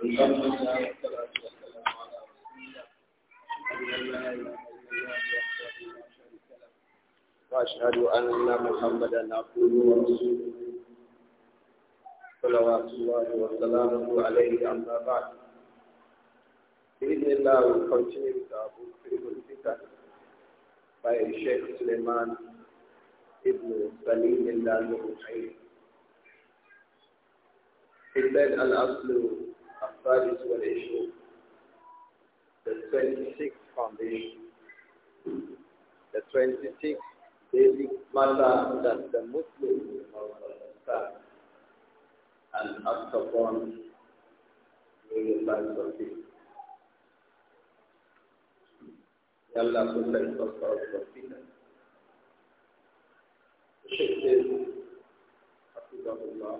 وأشهد أن محمدا عبده ورسوله صلوات الله وسلامه عليه أما بعد بإذن الله continue with our book Fiqhul by Sheikh Suleiman Ibn Salim al-Nuhayri. He said, Al-Aslu that is what they show. The 26th foundation. The 26th basic matter that the Muslims must understand and act upon during the times of Allah protects us from fitan. The Sheikh says, Hafizahullah,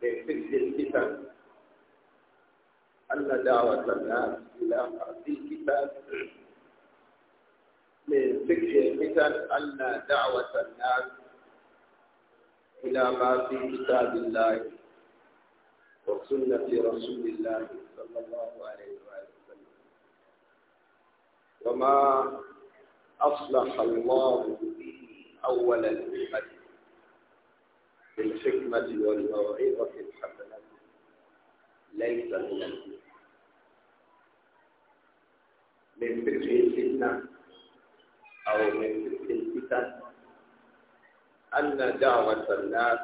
they fix this أن دعوة الناس إلى أرض الكتاب من فكر المثل أن دعوة الناس إلى ما في كتاب الله وسنة رسول الله صلى الله عليه وسلم وما أصلح الله به أول الأمة بالحكمة والموعظة الحسنة ليس من الكتاب من فقه الفتنة أو من فقه الفتن أن دعوة الناس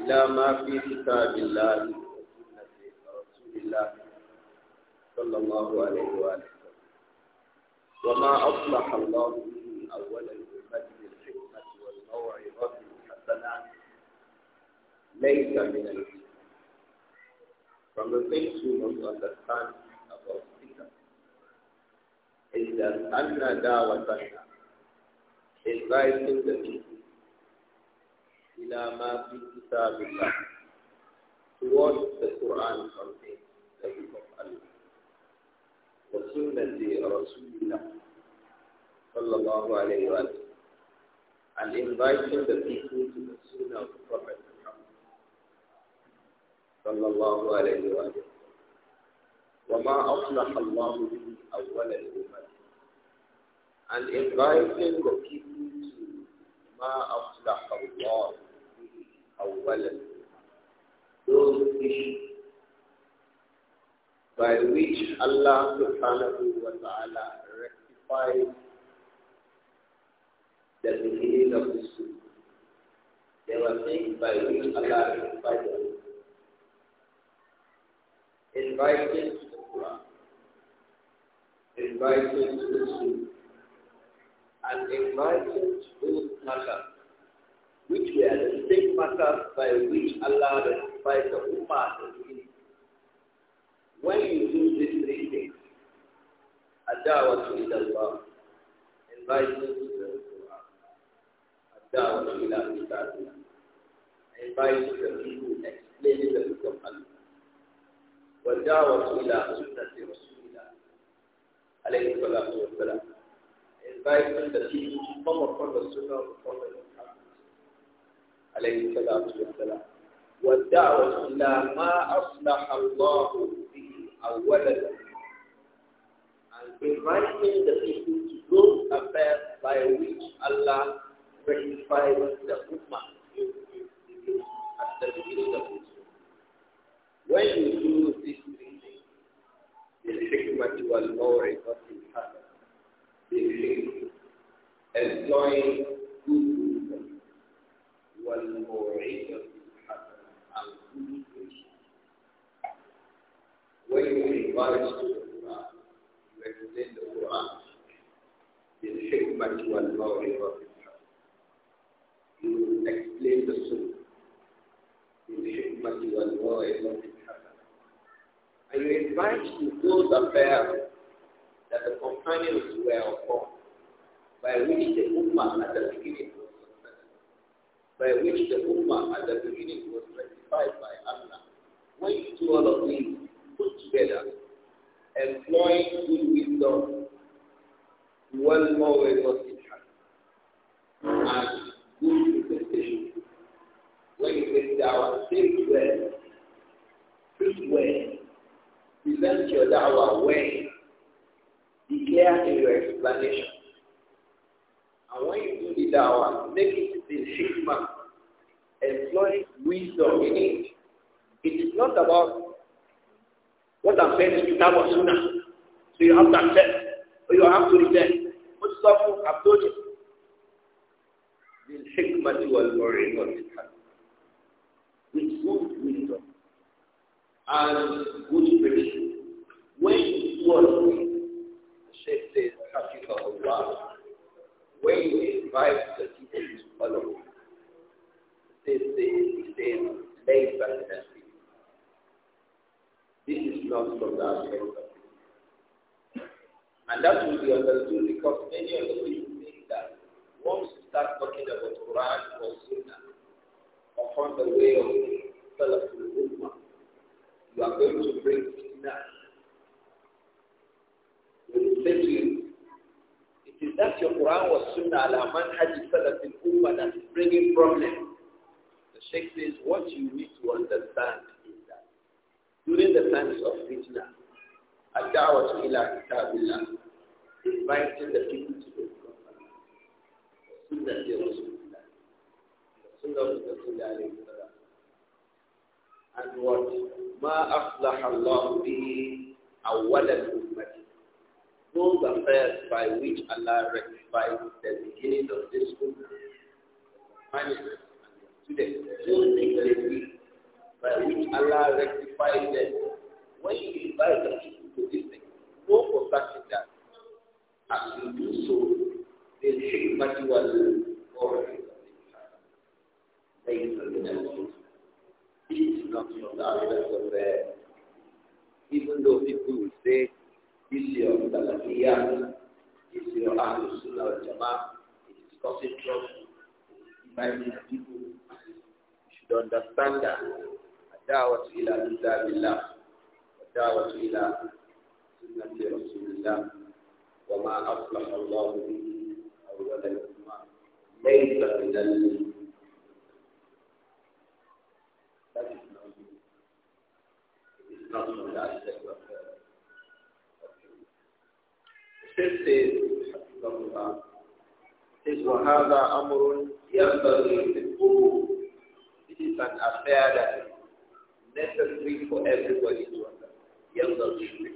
إلى ما في كتاب الله وسنة رسول الله صلى الله عليه وآله وما أصلح الله به أول الأمة بالحكمة والموعظة الحسنة ليس من الفتنة From the things we must understand إذا أن دعوتنا inviting the people إلى ما في كتاب الله towards the Quran contains the book of Allah وسنة رسول الله صلى الله عليه وسلم and inviting the people to the Sunnah of the Prophet Muhammad صلى الله عليه وسلم وما أصلح الله به أول الأمم and inviting the people to ما أصلح الله those issues by which Allah subhanahu wa ta'ala rectifies the beginning of the school. There were things by which Allah rectified them. to the Quran, to the school, and enlightened those matters, which were the same matters by which Allah rectified the Ummah of him. When you do these three things, Adawatu ila Allah, enlightened to the Quran, Adawatu Allāh Kitabillah, inviting the people, explaining the book of Allah. ودعوة إلى سنة رسول الله عليه الصلاة والسلام reciting the teaching come upon the Sunnah of the Prophet عليه الصلاة والسلام والدعوة إلى ما أصلح الله به أولا and inviting the people to those affairs by which Allah rectifies the Ummah at the beginning of this When you do will three things, الحكمة والموعظة they employing good wisdom, والموعظة الحسنة and good patience. When you invite to the Quran, you explain the Quran one more reason. You explain the Sunnah بالحكمة والموعظة الحسنة. And you invite to those affairs that the companions were upon, by which the Ummah at the beginning was successful, by which the Ummah at the beginning was rectified by Allah. When you do all of these put together, employing good wisdom, well more was in and good presentation. When you say dawah, say well, preach well, present your dawah well, clear in your explanation. And when you do the da'wah, make it in hikmah. Employ wisdom in it. It is not about what I'm saying is Kitab or Sunnah. So you have to accept or you have to reject. What stuff I've told you. بالحكمة والموعظة الحسنة with good wisdom and good prediction. When you do all Sheikh says, Hafizahullah, when he invites the people to follow, this is, he says, Lay This is not from the aspect of And that will be understood because many of the people think that once you start talking about Quran or Sunnah, upon the way of the Ummah, you are going to bring Sunnah That your Quran was Sunnah ala manhaj salafil ummah that is bringing problems. The Sheikh says what you need to understand is that during the times of fitna, ad-da'wah ila kitabillah, inviting the people to the Sunnah Sunnah of the and what ma aflah Allah bihi awwal those affairs by which Allah rectifies the beginnings of this book, and students, those things by which Allah rectifies them. When you invite the people to this thing, know for fact that as you do so, the hikmah was already based on the This is not from the of the, even though people will say, issue of Salafiyah, issue of Ahlul Sunnah wal Jama'ah, causing trouble, dividing people. You should understand that. الدعوة إلى كتاب الله والدعوة إلى سنة رسول الله وما أصلح الله به أول This is is وَهَذَا أَمْرٌ يَنْبَغِي an affair that is necessary for everybody to understand.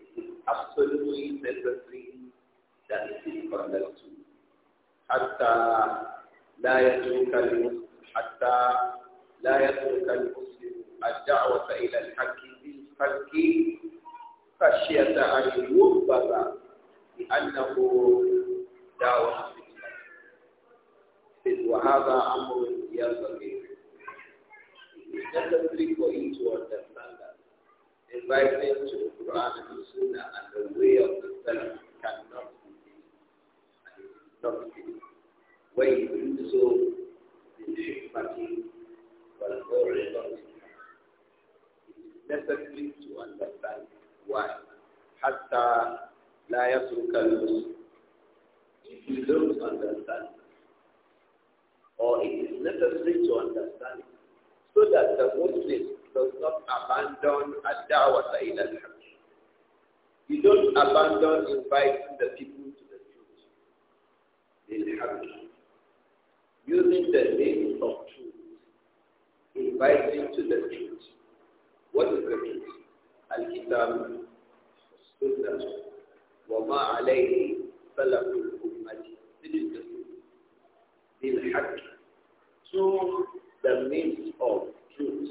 It is absolutely necessary that it is understood. حتى لا يترك حتى لا يترك المسلم الدعوة إلى الحق بالحق خشية أن ينبذ لأنه وهذا أمر ينبغي understand that enlightenment to the Quran and the Sunnah and the way of the Salaf cannot be and it is not given. When you do so, the hikmati will already It is necessary to understand why? حتى لا يترك المسلم if you don't understand or it is necessary to understand so that the Muslim does not abandon ad-da'wata ila you don't abandon inviting the people to the truth bil-haq using the name of truth inviting to the truth what is the truth الكتاب والسنة وما عليه سلف الأمة بالحق to the means of truth.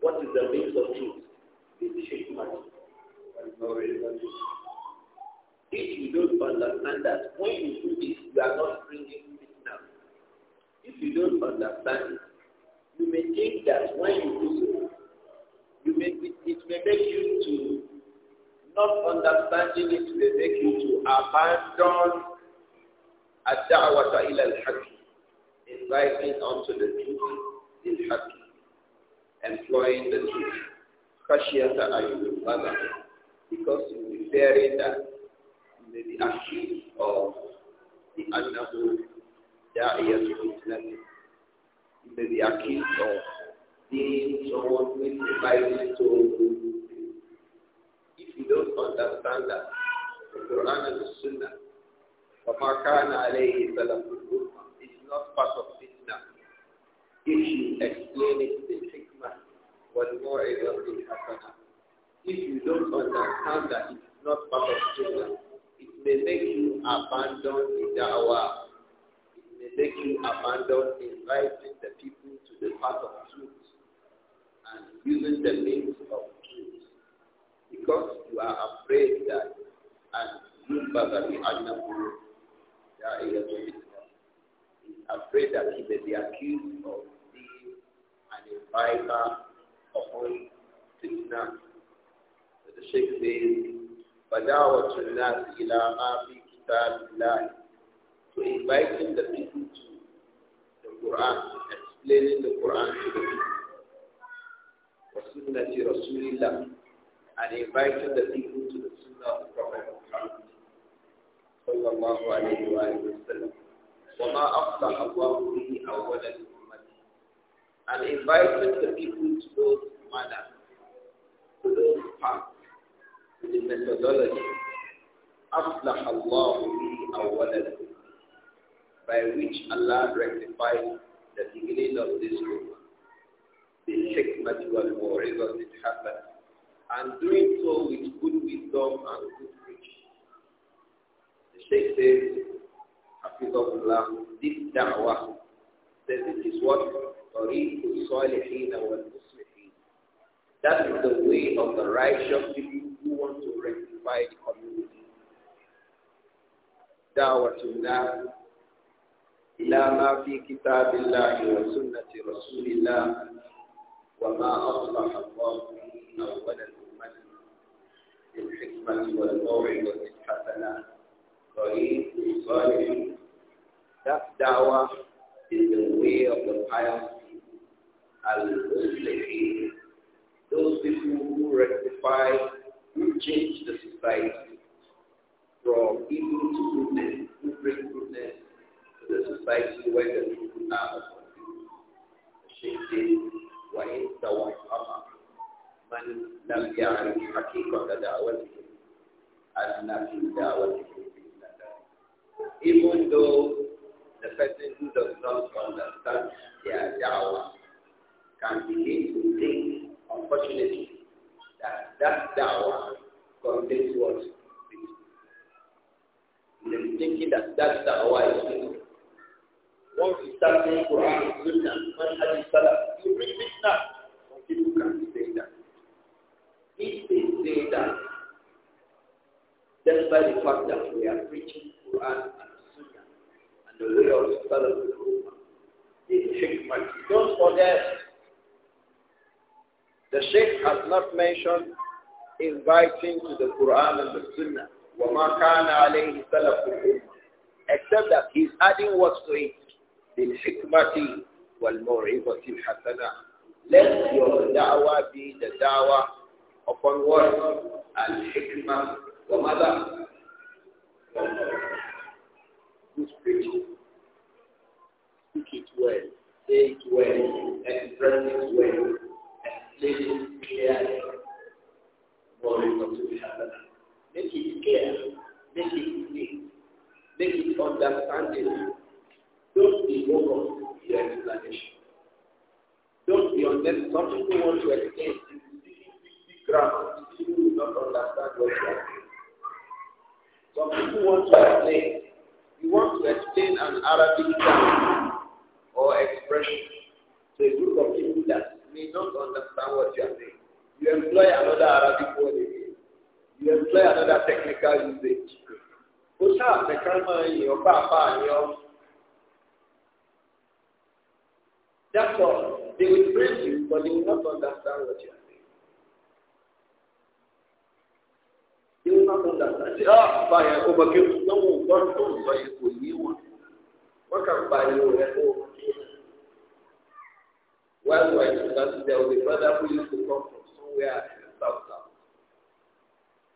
What is the means of truth? It's If you don't understand that, when you do this, you are not bringing it now. If you don't understand you may think that when you do so, you may, it, it may make you to not understanding it may make you to abandon ad-da'wata ila al-haqq, inviting unto the truth bil-haqq, employing the truth. Khashiyata ayyubala, because you will be fearing that you may be accused of the annahu da'iyatu fitnati. You may be accused of being someone who is divided so if you don't understand that the Quran and the Sunnah فما عليه سلف is not part of fitna if you explain it in hikmah والموعظة الحسنة if you don't understand that it is not part of fitna it may make you abandon the da'wah it may make you abandon inviting the people to the path of truth using the means of truth. Because you are afraid that and Mumbagari Annabu is afraid that he may be accused of being an inviter upon fitna. So the Sheikh says, فدعوة الناس إلى ما في كتاب الله to inviting the people to the Quran, explaining the Quran to the people. Sunnah Rasulillah and invited the people to the Sunnah of the Prophet Muhammad and invited the people to those manners to those paths to the methodology أفلح الله به by which Allah rectified the beginning of this group بالحكمة It happened, and doing so with good wisdom and good preaching. The Sheikh says, Allah, this da'wah says it is what That is the way of the righteous people who want to rectify the community. دعوة الناس إلى ما في كتاب الله وسنة وما أصلح الله من أول الأمة بالحكمة والموعظة الحسنة That dawah is the way of the pious those people who rectify, who change the society from evil to goodness, who bring goodness to the society where the people are. Sheikh وإن توهم من لم يعرف حقيقة دعوته أن في دعوته Even though the person who does not understand their da'wah can begin to think, unfortunately, that that da'wah contains what? They're thinking that that da'wah is once you start saying Quran and Sunnah, Manhaj Salaf, you bring this now. Some people can say that. If they despite the fact that we are preaching Quran and Sunnah and the way of Salaf al Ummah, the hikmah, don't forget. The Sheikh has not mentioned inviting to the Quran and the Sunnah. وَمَا كَانَ عَلَيْهِ سَلَفُ الْأُمَّةِ Except that he's adding words to it. بالحكمة والموعظة الحسنة Let your da'wah be the da'wah upon what? Al-hikmah Good preaching. Speak it well. Say it well. Express it well. Explain it clearly. Moreover to Hassanah. Make it clear. Make it clear. Make it understandable. Don't be over your explanation. Don't be unnecessary. Some people want to explain. If you speak big not understand what you are saying. Some people want to explain. You want to explain an Arabic term or expression to a group of people that may not understand what you are saying. You employ another Arabic word again. You employ another technical usage. Ó ṣáà fẹ́ ká máa yìn yọ Therefore, they will praise you, but they will not understand what you are saying. They will not understand. Say, ah, by a overkill, no one wants to, so you could be one. What can buy you an overkill? Worldwide, that there will be brother who used to come from somewhere in the south south.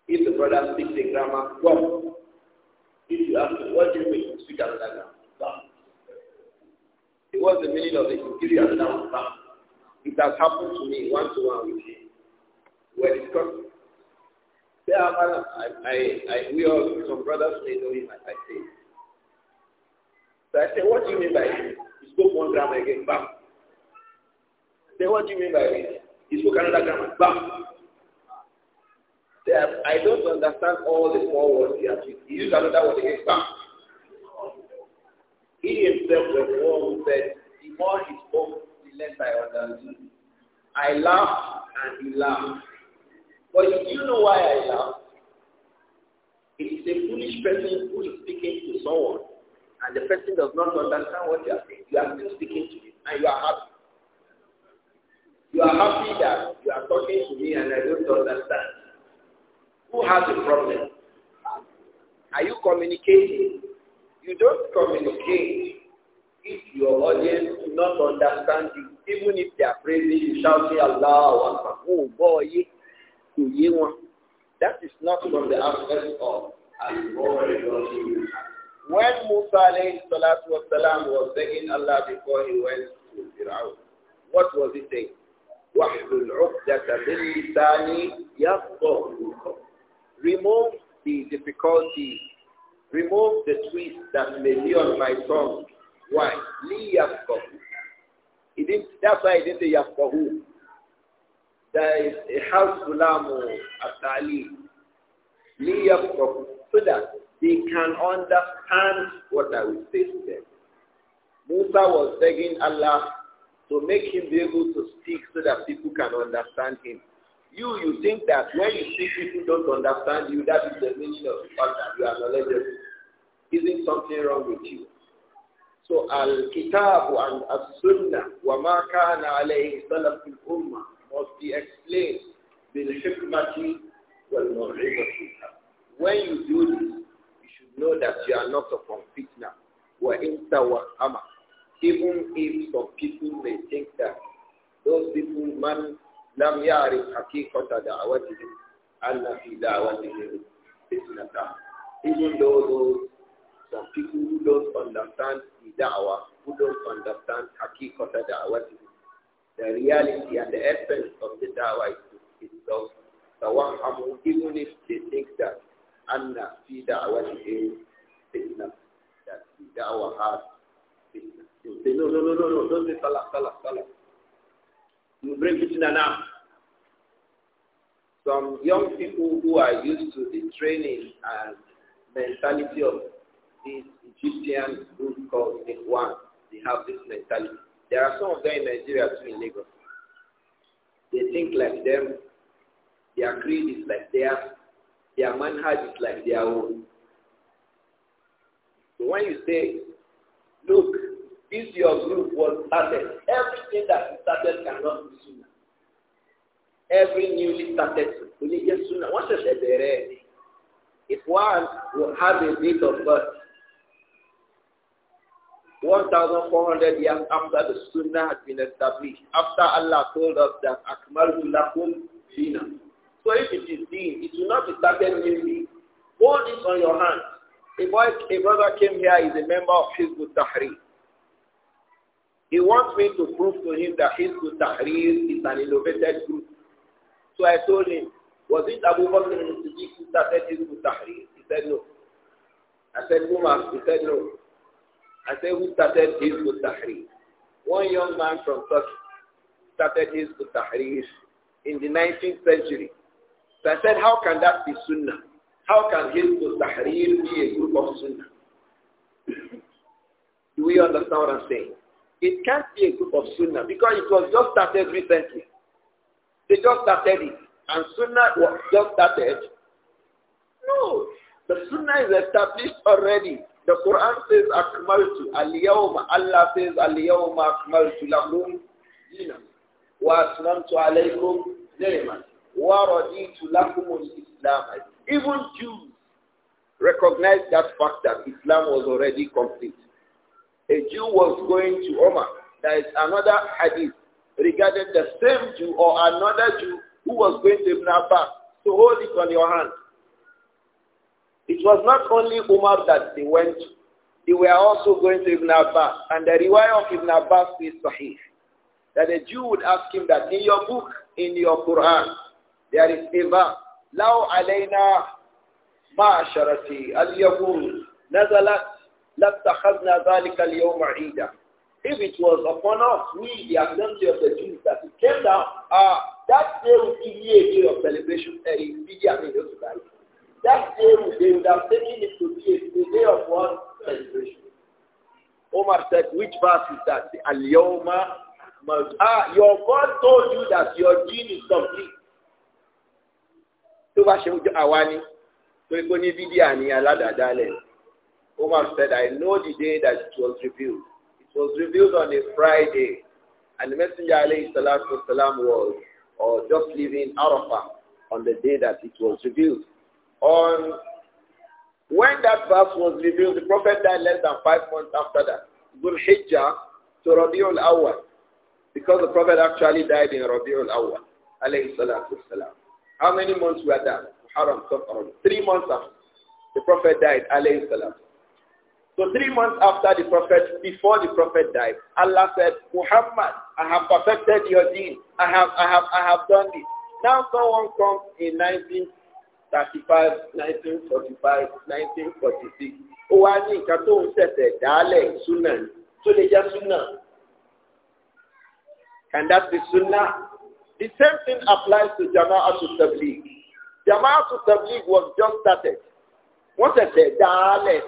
If the brother speaks the grammar, well, if you ask him, what do you mean? Speak another language what's the meaning of it? give you another one back. It has happened to me one to one with him. We're discussing. There ah, I, I, I, we all, some brothers may know him, I, I say. So I said, what do you mean by this? He spoke one grammar again, bam. I said, what do you mean by this? He spoke another grammar, bam. Said, I don't understand all the small words he has used. He used another word again, bam. He himself the one who said, the more he spoke, the less I understood. I laughed and he laughed. But do you know why I laugh? It is a foolish person who is speaking to someone and the person does not understand what you are saying. You are still speaking to him and you are happy. You are happy that you are talking to me and I don't understand. Who has a problem? Are you communicating? You don't communicate. If your audience do not understand you, even if they are praising you, shouting Allah Akbar, oh boy, you That is not from the aspect of when Musa alayhi salatu was, was begging Allah before he went to Fir'aun, what was he saying? وَحْلُ الْعُقْدَةَ بِالْلِسَانِ Remove the difficulty remove the twist that may be on my tongue why? Li yafqahu. He didn't, that's why he didn't say There is a house gulamu at-ta'li. Li yafqahu. So that they can understand what I will say to them. Musa was begging Allah to make him be able to speak so that people can understand him. You, you think that when you speak, people don't understand you. That is the meaning of the fact that you are knowledgeable. Isn't something wrong with you? So al kitabu and as-sunnah wa ma kana alayhi salaf al-ummah must be explained bil-hikmati wal-maw'izati. When you do this, you should know that you are not upon fitna. Wa inta wa ama. Even if some people may think that those people man lam ya'rif haqiqata da'watihim anna fi da'watihim fitnatan. Even though those some people who don't understand the da'wah, who don't understand hakikata da'wah, the reality and the essence of the da'wah itself. The one among even if they think that anna fi da'wah is fitna, that the da'wah has fitna. They say, no, no, no, no, no, don't say salah, salah, salah. You bring fitna now some young people who are used to the training and mentality of this Egyptian group called One. They have this mentality. There are some of them in Nigeria too in Lagos. They think like them. Their creed is like theirs. Their manhood is like their own. So when you say, look, if your group was started, everything that started cannot be sooner. Every newly started, we sooner. Once I said, If one will have a bit of birth." 1,400 years after the Sunnah had been established, after Allah told us that Akmalul Lakum Dina. So if it is Deen, it will not be started newly. Hold this on your hand. A, boy, a brother came is a member of Hizbut Tahrir. He wants me to prove to him that Hizbut Tahrir is an innovated group. So I told him, was it Abu Bakr al-Siddiq who started Hizbut Tahrir? He said no. I said, Umar? He said no. I said, who started Hizbut Tahrir? One young man from Turkey started his Tahrir in the 19th century. So I said, how can that be Sunnah? How can his Tahrir be a group of Sunnah? Do we understand what I'm saying? It can't be a group of Sunnah because it was just started recently. They just started it. And Sunnah was just started. No. The Sunnah is established already. The Quran says akmaltu al Allah says al-yawma akmaltu lakum wa atmamtu alaykum ni'matan wa raditu lakum islam Even Jews recognized that fact that Islam was already complete. A Jew was going to Omar. There is another hadith regarding the same Jew or another Jew who was going to Ibn Abbas. So hold it on your hand. It was not only Umar that they went to. They were also going to Ibn Abbas. And the riwayah of Ibn Abbas is sahih. That a Jew would ask him that, in your book, in your Quran, there is a verse, لو علينا معشرتي اليهود نزلت لاتخذنا ذلك اليوم عيدا if it was upon us, we, the assembly of the Jews, that it came down, uh, that day would be a day of celebration, a day of celebration. That day they would have taken it to be a day of one celebration. Omar said, which verse is that? The al Ah, your God told you that your gene is complete. Tó bá ṣe ń jọ àwa ni, torí pé ní fídíà ni aládàádálẹ̀. Omar said, I know the day that it was revealed. It was revealed on a Friday. And the Messenger alayhi salatu wasalam was or just leaving Arafah on the day that it was revealed on when that verse was revealed, the Prophet died less than five months after that. Dhul Hijjah to Rabiul Awwal. Because the Prophet actually died in Rabiul Awwal. Alayhi salatu How many months were that? Haram, Three months after. The Prophet died. Alayhi salatu so three months after the prophet, before the prophet died, Allah said, Muhammad, I have perfected your deen. I have, I have, I have done this. Now someone comes in 19, 1945, 1946. nineteen forty five nineteen forty six ó wá ní nǹkan tó ń ṣẹ̀ṣẹ̀ dálẹ̀ súnà tó lè jẹ́ súnà and that is súnà the same thing applies to jama'atu tabligh jama'atu tabligh was just started wọ́n ṣẹ̀ṣẹ̀ dálẹ̀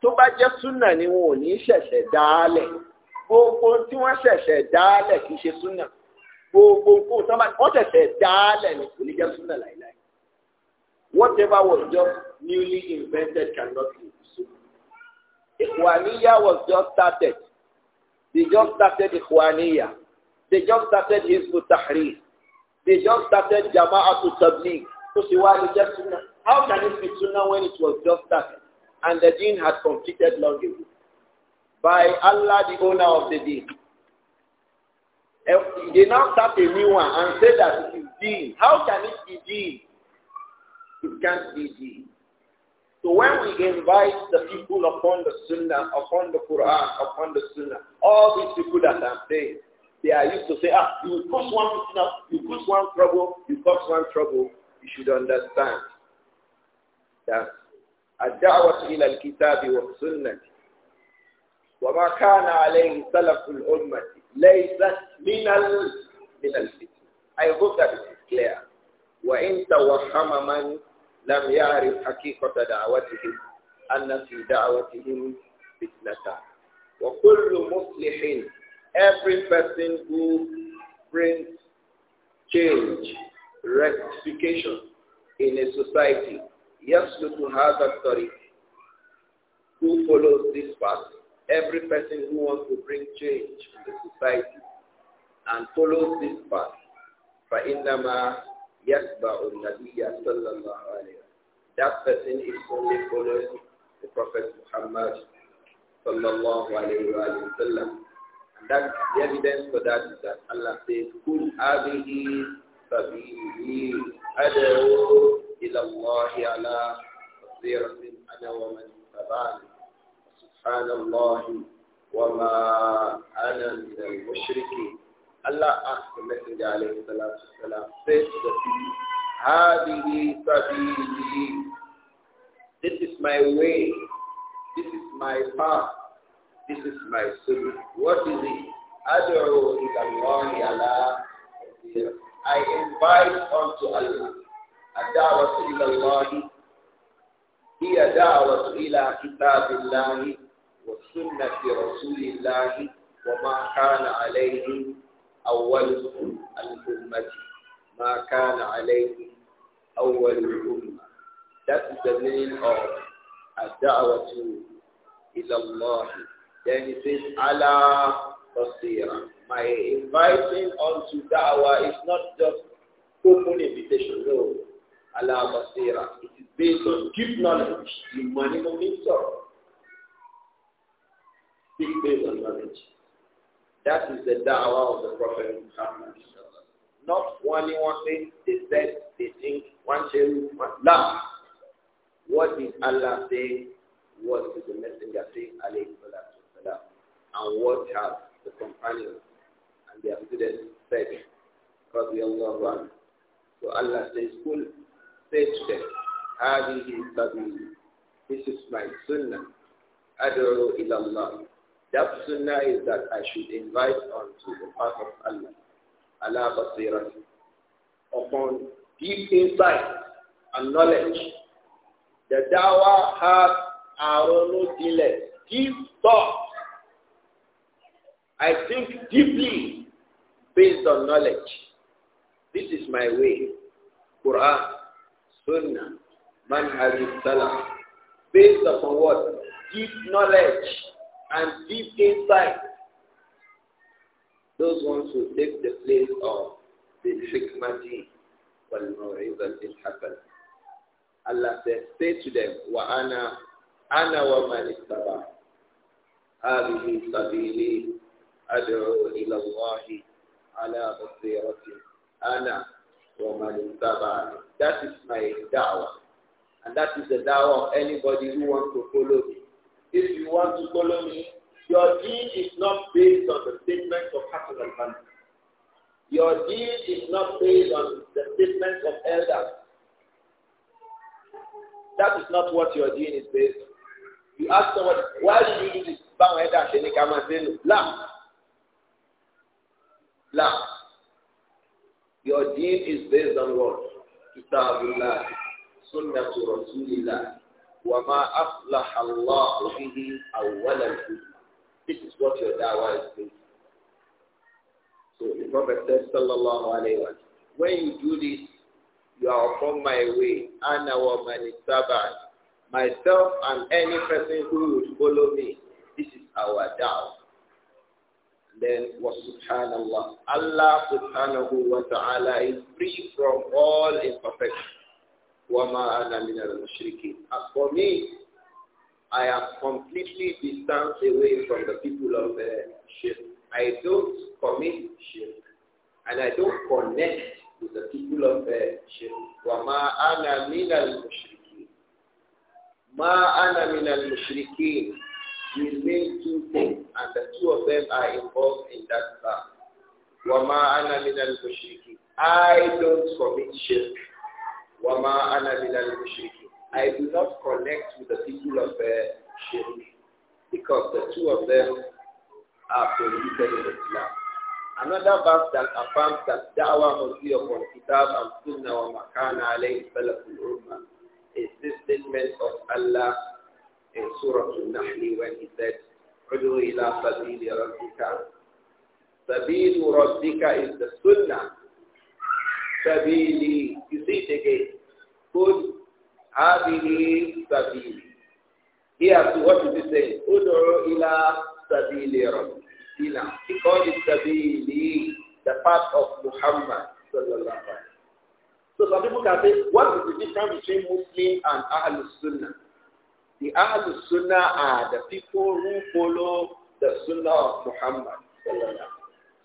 tó bá jẹ́ súnà ni wọn ò ní ṣẹ̀ṣẹ̀ dálẹ̀ gbogbo tí wọ́n ṣẹ̀ṣẹ̀ dálẹ̀ kì í ṣe súnà gbogbo nǹkan tó bá wọ́n ṣẹ̀ṣẹ̀ dálẹ̀ ni kò ní jẹ́ súnà láìláì. Whatever was just newly invented cannot live. So, Ikhwaniyya was just started. They just started Ikhwaniyya. They just started Hizb Tahrir. They just started Jama'at Tabligh. So Siwali just Sunnah. How can it be Sunnah when it was just started? And the deen had completed long ago. By Allah, the owner of the deen. they now start a new one and say that it is deen. How can it be deen? It can't be deed. So when we invite the people upon the Sunnah, upon the Quran, upon the Sunnah, all these people that are there, saying, they are used to say, ah, you cause one fitna, you cause one trouble, you cause one trouble. You should understand that الدعوة إلى الكتاب والسنة وما كان عليه سلف الأمة ليست من ال من الفتن. I hope that it is clear. وإن توهم من لم يعرف حقيقة دعوتهم أن في دعوتهم فتنة وكل مصلح every person who brings change rectification in a society yes, have هذا story. who follows this path every person who wants to bring change in the society and follows this path فإنما يتبع النبي صلى الله عليه وسلم. That person is only following the Prophet Muhammad صلى الله عليه وسلم. And that the evidence for that is that Allah says, قل هذه سبيلي أدعو إلى الله على بصيرة أنا ومن تبعني سبحان الله وما أنا من المشركين Allah asked the Messenger alayhi salatu salam, say to the people, Hadihi sabili. This is my way. This is my path. This is my soul. What is it? Ad'u ila Allahi ala I invite unto Allah. Ad'awatu ila Allahi. هي دعوة إلى كتاب الله وسنة رسول الله وما كان عليه أولكم الأمة ما كان عليكم أول الأمة That is the meaning of الدعوة إلى الله Then it says على بصيرة My inviting unto da'wah is not just open invitation, no. على بصيرة It is based on deep knowledge. You money will meet based on knowledge. That is the da'wah of the Prophet Muhammad. Not only one thing, they said, they think, one thing, one love. What did Allah say? What did the Messenger say, And what have the companions and their students said? Radiallahu anhu. So Allah says, Kul, say to them, هذه سبيل. This is my sunnah. أدعو إلى الله. That sunnah is that I should invite unto the path of Allah, Allah Basirat, upon deep insight and knowledge. The dawah has arono dile, deep thought. I think deeply based on knowledge. This is my way. Quran, Sunnah, Manhaj Salah. Based upon what? Deep knowledge and deep inside, those ones will take the place of the hikmati wal-mu'izati hasan. Allah says, say to them, wa ana, ana wa man istaba. هذه سبيلي أدعو Allahi, ala على Ana wa man اتبعني. That is my da'wah. And that is the da'wah of anybody who wants to follow me if you want to follow me, your deed is not based on the statements of personal al Your deed is not based on the statements of elders. That is not what your deed is based on. You ask someone, why did you do this? Bang elder, Shani Kaman, say no. Laugh. Laugh. Your deed is based on what? Kitabullah. Sunnah to Rasulillah. وَمَا اللَّهُ بِهِ This is what your dawah is doing. So the Prophet sallallahu alayhi wa when you do this, you are upon my way, ana wa manitaba'an, myself and any person who would follow me. This is our dawah. Then was subhanallah. Allah subhanahu wa ta'ala is free from all imperfection. وَمَا أَنَا al الْمُشْرِكِينَ As for me, I am completely distanced away from the people of the uh, shirk. I don't commit shirk, and I don't connect with the people of uh, shirk. وَمَا أَنَا مِنَ الْمُشْرِكِينَ مَا mina al الْمُشْرِكِينَ will mean two things, and the two of them are involved in that verse. وَمَا أَنَا al الْمُشْرِكِينَ I don't commit shirk. وَمَا أَنَا مِنَ I do not connect with the people of uh, Shirk because the two of them are prohibited in Islam. Another verse that affirms that da'wah must be upon kitab and sunnah wa makana alayhi salaful ummah is this statement of Allah in Surah Al-Nahl when he said, عُدُوا إِلَى سَبِيلِ رَبِّكَ Sabil Rabbika is the sunnah sabili. You see it again. Qul hadhihi sabili. Here, so what is it saying? Ud'u ila sabili ila. See he called it sabili, the path of Muhammad sallallahu alaihi so some people can say, what is the difference between Muslim and Ahlul Sunnah? The Ahlul Sunnah are the people who follow the Sunnah of Muhammad.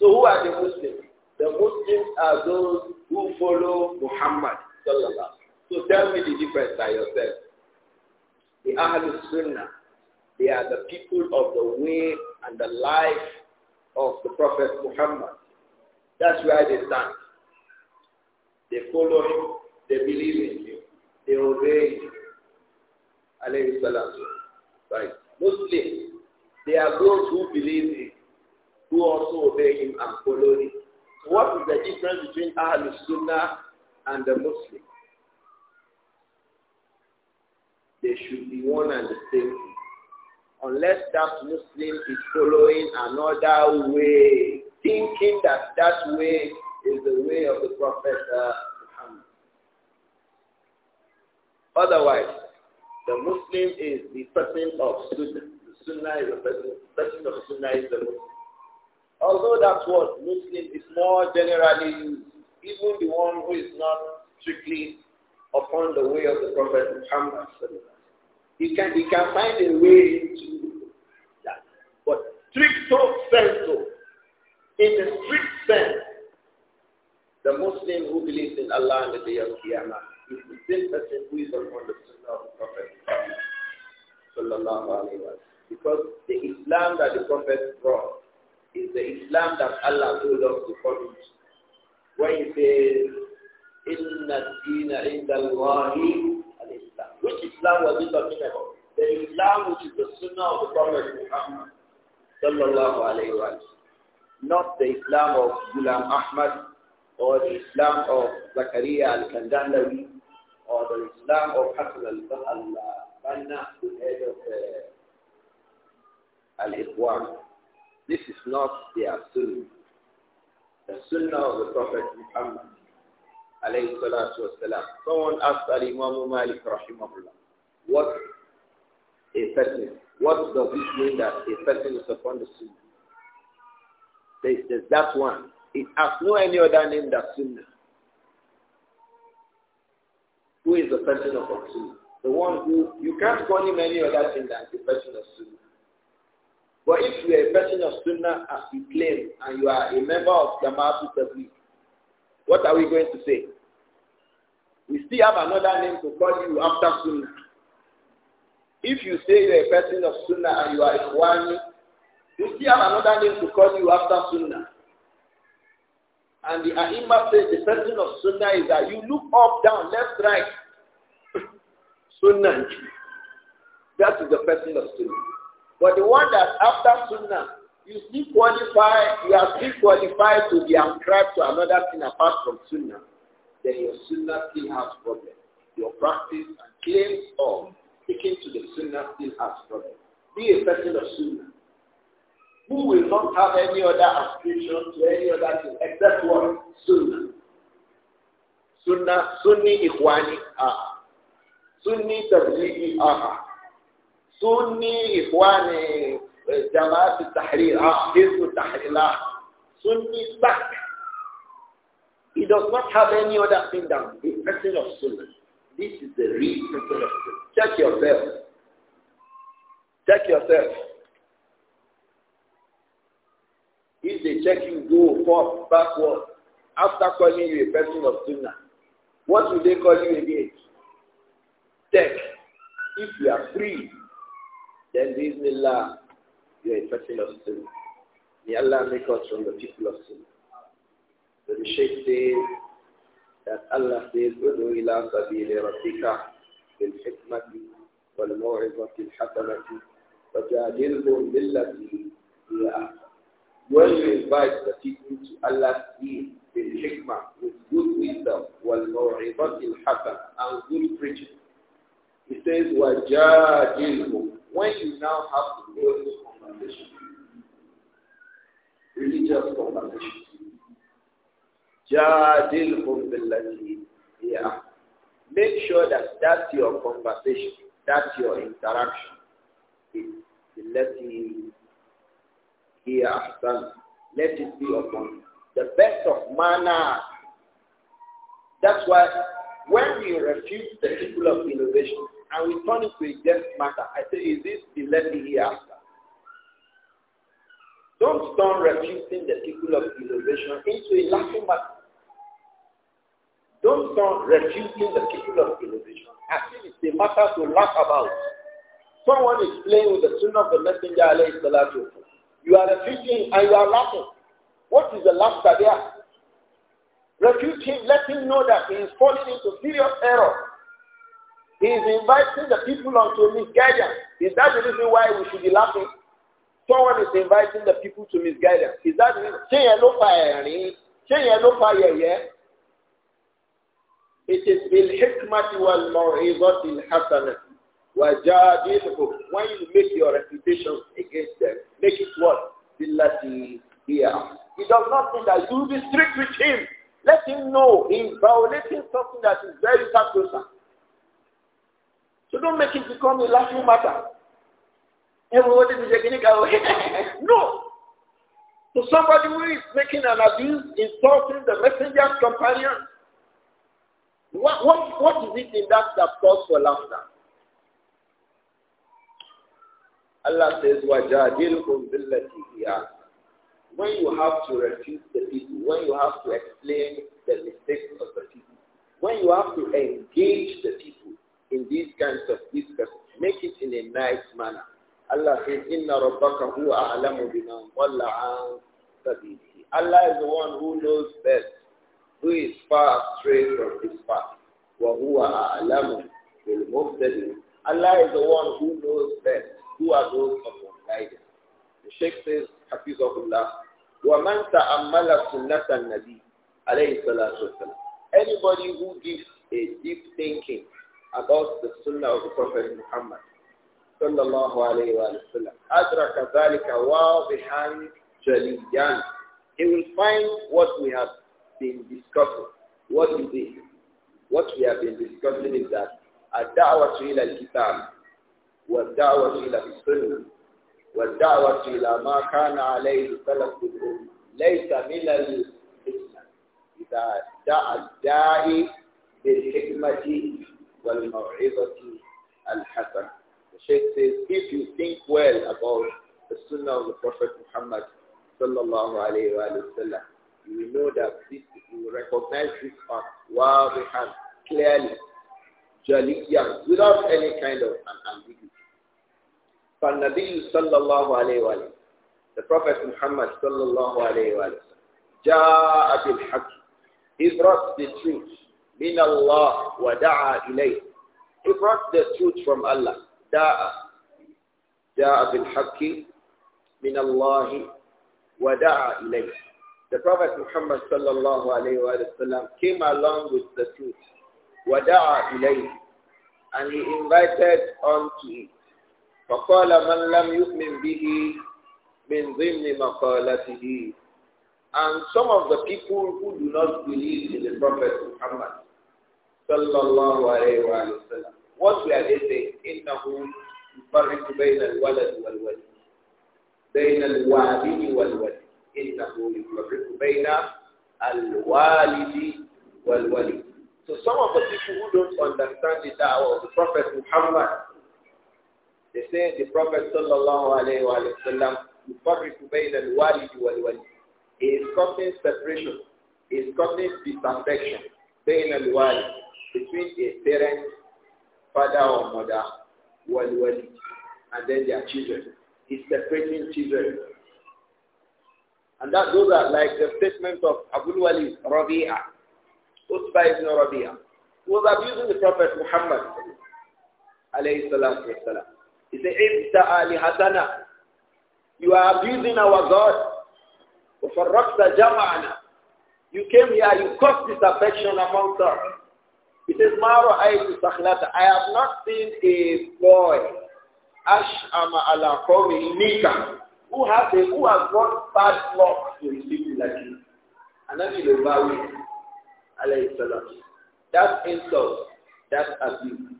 So who are the Muslims? The Muslims are those who follow Muhammad. So tell me the difference by yourself. The Ahlul Sunnah, they are the people of the way and the life of the Prophet Muhammad. That's where they stand. They follow him. They believe in him. They obey him. Alayhi Right. Muslims, they are those who believe him, who also obey him and follow him. What is the difference between Ahlul Sunnah and the Muslim? They should be one and the same. Unless that Muslim is following another way, thinking that that way is the way of the Prophet uh, Muhammad. Otherwise, the Muslim is the person of Sunnah. The Sunnah is the person, the person of Sunnah is the Muslim. Although that word Muslim is more generally used, even the one who is not strictly upon the way of the Prophet Muhammad. He can, he can find a way to that. But stricto sensu, in the strict sense, the Muslim who believes in Allah and the Day of Qiyamah is the same person who is upon the Sunnah of the Prophet Sallallahu Alaihi Because the Islam that the Prophet brought is the Islam that Allah told us to follow. When he says, إِنَّ الدِّينَ عِنْدَ اللَّهِ islam Which Islam was he talking about? The Islam which is the Sunnah of the Prophet Muhammad sallallahu alayhi wa Not the Islam of Ghulam Ahmad or the Islam of Zakaria al-Kandahlawi or the Islam of Hassan al-Banna, the head of uh, al-Iqwan. This is not their sunnah. The sunnah of the Prophet Muhammad alayhi salatu wasalam. Someone asked Al-Imam Malik rahimahullah, what a person, what does it mean that a person is upon the sunnah? They says that one. It has no any other name than sunnah. Who is the person of sunnah? The one who, you can't call him any other thing than the person of sunnah. But if you are a person of Sunnah as you claim and you are a member of Jamaatul Tabligh, what are we going to say? We still have another name to call you after Sunnah. If you say you are a person of Sunnah and you are a Ikhwani, we still have another name to call you after Sunnah. And the Aima says the person of Sunnah is that you look up, down, left, right. Sunnah. That is the person of Sunnah. But the one that after Sunnah, you still qualify, you are still qualified to be ascribed to another thing apart from Sunnah, then your Sunnah still has problem. Your practice and claims of sticking to the Sunnah still has problem. Be a person of Sunnah. Who will not have any other ascription to any other thing except one Sunnah. Sunnah, Sunni Ikhwani, Aha. Sunni Tablighi, Aha. سني إخواني جماعة التحرير آه حزب التحرير لا سني back He does not have any other thing than the person of Sunnah. This is the real person of Sunnah. Check yourself. Check yourself. If they check you, go forward, backward. After calling you a person of Sunnah, what will they call you again? Check. If you are free, Then bismillah, you are a person of sin. May Allah make us from the people of sin. So the Shaykh says that Allah says, Udu ila sabili rabbika bil hikmati wal maw'izati hasanati wa jadilhum billati hiya When you invite the people to Allah's deen, bil hikmah, with good wisdom, wal maw'izati hasanah, and good preaching, he says, wa jadilhum when you now have to go into conversation, religious conversation, jadilhum yeah. Make sure that that's your conversation, that's your interaction. Billati yeah. Let it be upon the best of manner. That's why when we refute the people of innovation, and we turn it to a guest matter. I say, is this the lady here after? Don't turn refuting the people of innovation into a laughing matter. Don't turn refuting the people of innovation as if it's a matter to laugh about. Someone is playing with the tune of the messenger, alayhi salatu. You are refuting and you are laughing. What is the laughter there? Refute him, let him know that he is falling into serious error. He is inviting the people unto misguidance. Is that the reason why we should be laughing? Someone is inviting the people to misguidance. Is that the reason? Ṣé yẹn ló fa ẹ̀rín? Ṣé yẹn It is bilhikmati wal maw'izati al-hasanah wajadilhum. When you make your reputations against them, make it what? Billati hiya. It does not mean that you will be strict with him. Let him know he is violating something that is very sacrosanct. So don't make it become a laughing matter. Everybody is again No. So somebody who is making an abuse, insulting the messenger's companion, what, what, what is it in that that calls for laughter? Allah says, وَجَادِلْهُمْ بِالَّتِي When you have to refute the people, when you have to explain the mistakes of the people, when you have to engage the people, in these kinds of discussions. Make it in a nice manner. Allah says, Inna rabbaka huwa a'lamu biman walla an Allah is the one who knows best, who is far astray from his path. Wa huwa a'lamu bil muhtadin. Allah is the one who knows best, who are those upon guidance. The Sheikh says, Hafizahullah, وَمَنْ تَأَمَّلَ سُنَّةَ النَّبِي alayhi salatu Anybody who gives a deep thinking about the sunnah of the Prophet Muhammad صلى الله عليه وآله وسلم أدرك ذلك واضحا جليا He will find what we have been discussing. What is it? What we have been discussing is that الدعوة إلى الكتاب والدعوة إلى السنة والدعوة إلى ما كان عليه سلف الأمة ليس من الحكمة إذا دعا الداعي بالحكمة وَالْمَوْعِظَةِ الْحَسَنَ The Sheikh says, if you think well about the Sunnah of the Prophet Muhammad sallallahu alayhi wasallam, you will know that this, you will recognize this on wadihan, clearly, jaliyan, without any kind of ambiguity. فالنبي صلى sallallahu عليه wasallam, The Prophet Muhammad sallallahu الله wasallam, وآله جاء بالحق He brought the truth in Allah wa da'a ilayh. He brought the truth from Allah. Da'a. Da'a bil haqqi min Allah wa da'a ilayh. The Prophet Muhammad sallallahu alayhi wa sallam came along with the truth. Wa da'a ilayh. And he invited unto it. فقال من لم يؤمن به من ضمن مقالته and some of the people who do not believe in the Prophet Muhammad sallallahu alayhi wa sallam. What were they saying? إِنَّهُ يُفَرِّقُ بَيْنَ الْوَلَدِ وَالْوَلِدِ بين الوالد والولد إنه يفرق بين الوالد والولد So some of the people who don't understand the da'wah of the Prophet Muhammad, they say the Prophet sallallahu alayhi wa sallam يفرق بين الوالد والولد He is causing separation, he is causing disaffection بين الوالد between a parent, father or mother, wali and then their children. He's separating children. And that those are like the statement of Abu Wali Rabi'a, spies ibn Rabi'a, who was abusing the Prophet Muhammad alayhi salatu wasalam. He said, Ibta'a lihatana. You are abusing our God. You came here, you caused this affection amongst us. It says, Maro sahlata." I have not seen a boy, Ash Ama Ala Nika, who has a, who has got bad luck to his like you. And then a know, alayhi salam. That insult, that abuse,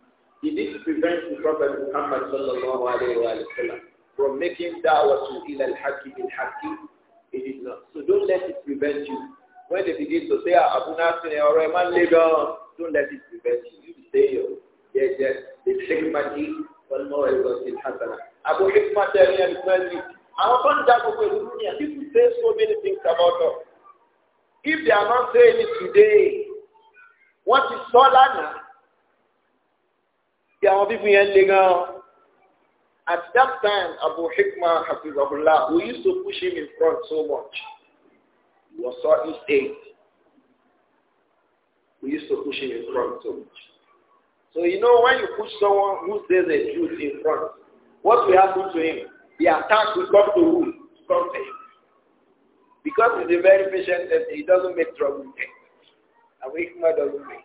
it did prevent the Prophet Muhammad sallallahu alayhi wa sallam from making da'wah to ila al-haqi bil-haqi. It did not. So don't let it prevent you. When they begin to say, ah, Abu Nasir, or Rahman, lay don't let it prevent you. You stay your yes, yes. The more wal mawaizatil hasana. Abu Hikmat and referred me. Our friend Jacob Dunia, people say so many things about us. If they are not saying it today, what is Solana? They are people in Legal. At that time, Abu Hikmah, Hafizahullah, we used to push him in front so much. He was so his we used to push him in front so much. So you know when you push someone who says a truth in front, what will happen to him? The attack will come to who? come to him. Because he's a very patient and he doesn't make trouble with him. And Hikmah doesn't make.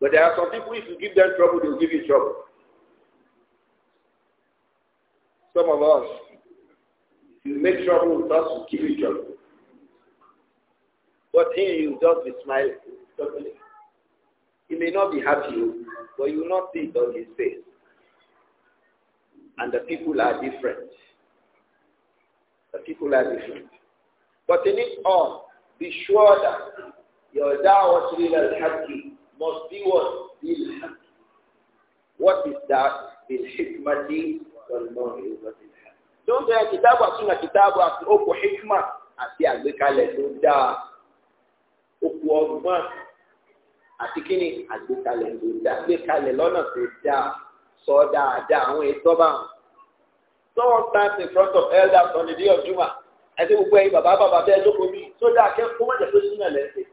But there are some people, if you give them trouble, they'll give you trouble. Some of us, if you make trouble with us, we'll give you trouble. But here you just be smiling struggling. He may not be happy, but you will not see it on his face. And the people are different. The people are different. But in it all, be sure that your da'wat lil al happy. must be what? Lil haqqi. What is that? Bil hikmati wal maw'izati Don't say kitabu asuna kitabu asu oku hikma àti àgbékalẹ̀ tó dáa. Oku ọgbọ́n àti kí ni àgbékalẹ̀ tó dá gbékalẹ̀ lọ́nà tó dá sọ dáadáa àwọn ètò bá wọn. someone stands in front of elders on the day of juma ẹtí gbogbo ẹyin bàbá bàbá bẹ́ẹ̀ lóko mi tó dáa kẹ́ kó má jẹ́ pé sínú ẹ̀ lẹ́sẹ̀.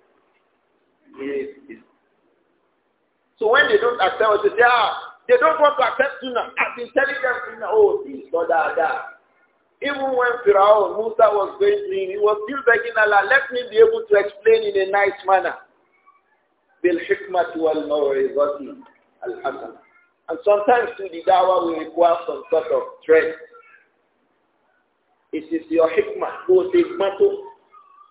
So when they don't accept us, they are they don't want to accept Sunnah. I've been telling them oh, this, so that, Even when Firao Musa was going to him, he was still begging Allah, let me be able to explain in a nice manner. And sometimes to the dawah we require some sort of threat. It is your hikmah, both hikmatu,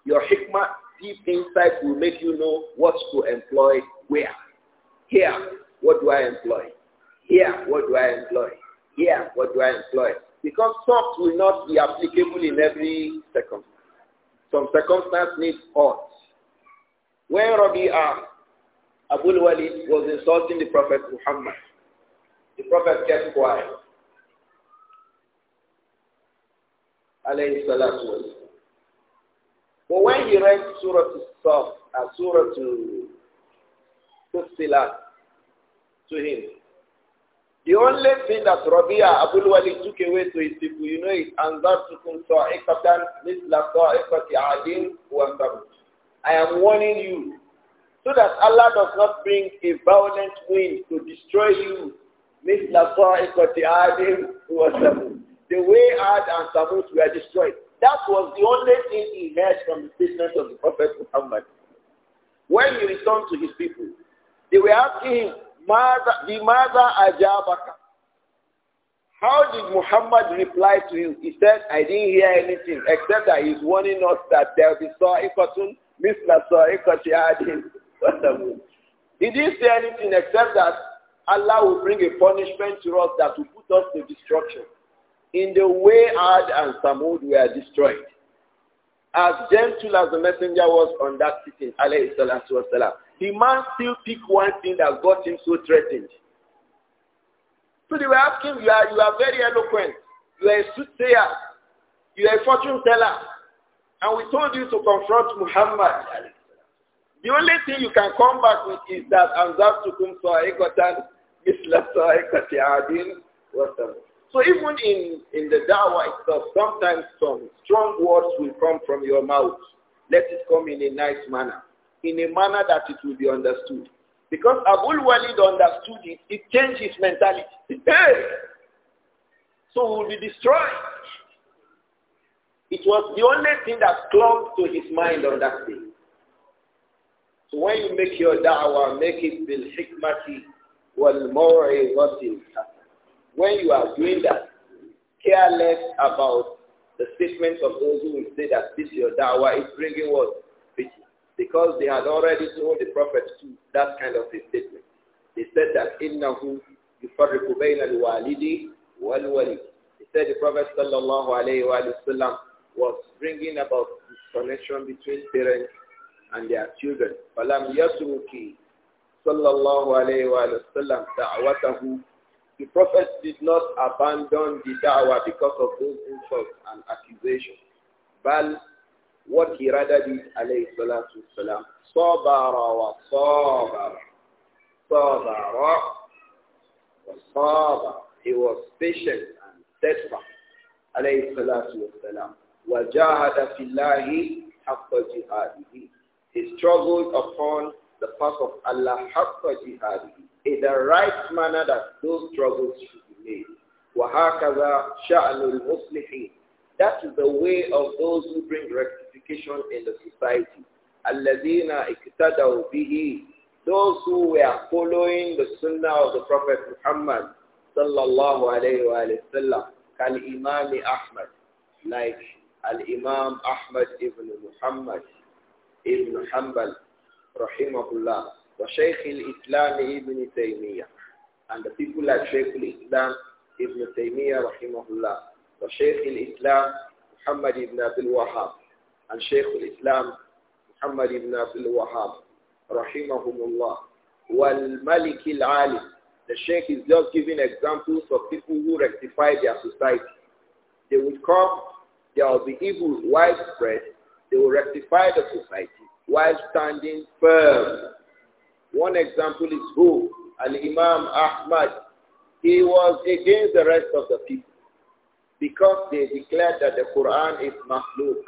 your hikmah deep insight, will make you know what to employ where. Here, what do I employ? Here, what do I employ? Here, what do I employ? Because soft will not be applicable in every circumstance. Some circumstance needs hot. When Rabi'ah Abul Walid was insulting the Prophet Muhammad. The Prophet kept quiet. Alayhi salatu was. But when he read Surah as and uh, Surah to Fussilat to him, the only thing that Rabia Abul Walid took away to his people, you know, it, and صَائِقَةً مِثْلَ صَائِقَةِ عَدٍ وَثَمُ I am warning you so that Allah does not bring a violent wind to destroy you. The way Ad and Samud were destroyed. That was the only thing he heard from the statement of the Prophet Muhammad. When he returned to his people, they were asking him, the mother Ajabaka. How did Muhammad reply to you? He said, I didn't hear anything except that he's warning us that there will be Sa'iqatun, Mithla Sa'iqati وَتَمُونَ He didn't say anything except that Allah will bring a punishment to us that will put us to destruction. In the way Ad and Samud were destroyed. As gentle as the messenger was on that sitting, alayhi salatu wasalam, the man still picked one thing that got him so threatened. So they were asking, you are, you are very eloquent. You are a soothsayer. You are a fortune teller. And we told you to confront Muhammad. The only thing you can come back with is that Anzartukum Sa'ikatan Misla Sa'ikati Adin So even in, in the da'wah itself, sometimes some strong words will come from your mouth. Let it come in a nice manner, in a manner that it will be understood. Because Abul Walid understood it, it changed his mentality. Hey! So we will be destroyed. It was the only thing that clung to his mind on that day. So when you make your da'wah, make it bil hikmati wal maw'izatil When you are doing that, care less about the statements of those who will say that this your da'wah is bringing what? Because they had already told the Prophet to that kind of a statement. They said that, إِنَّهُ al walidi wal وَالْوَلِدِ He said the Prophet sallallahu alayhi wa was bringing about disconnection between parents and their children. فَلَمْ يَتْرُكِ صلى الله عليه وسلم دعوته The Prophet did not abandon the da'wah because of those insults and accusations. But what he rather did, alayhi salatu wasalam, sabara wa sabara. Sabara wa sabara. He was patient and steadfast, alayhi salatu wasalam. وَجَاهَدَ فِي اللَّهِ حَقَّ جِهَادِهِ he struggled upon the path of Allah haqqa jihad in the right manner that those struggles should be made. وَهَكَذَا شَأْنُ الْمُصْلِحِينَ That is the way of those who bring rectification in the society. الَّذِينَ اِكْتَدَوْا بِهِ Those who were following the sunnah of the Prophet Muhammad sallallahu alayhi wa sallam كالإمام أحمد like Al-Imam Ahmad ibn Muhammad Ibn Hanbal, rahimahullah, wa Shaykh al-Islam Ibn Taymiyyah, and the people like Shaykh al-Islam Ibn Taymiyyah, rahimahullah, wa Shaykh al-Islam Muhammad Ibn al Wahhab, and Shaykh al-Islam Muhammad Ibn al Wahhab, rahimahumullah, wal Malik al the Sheikh is just giving examples of people who rectify their society. They will come, there will be evil widespread, they will rectify the society while standing firm. One example is who? An imam Ahmad. He was against the rest of the people because they declared that the Quran is mahluk.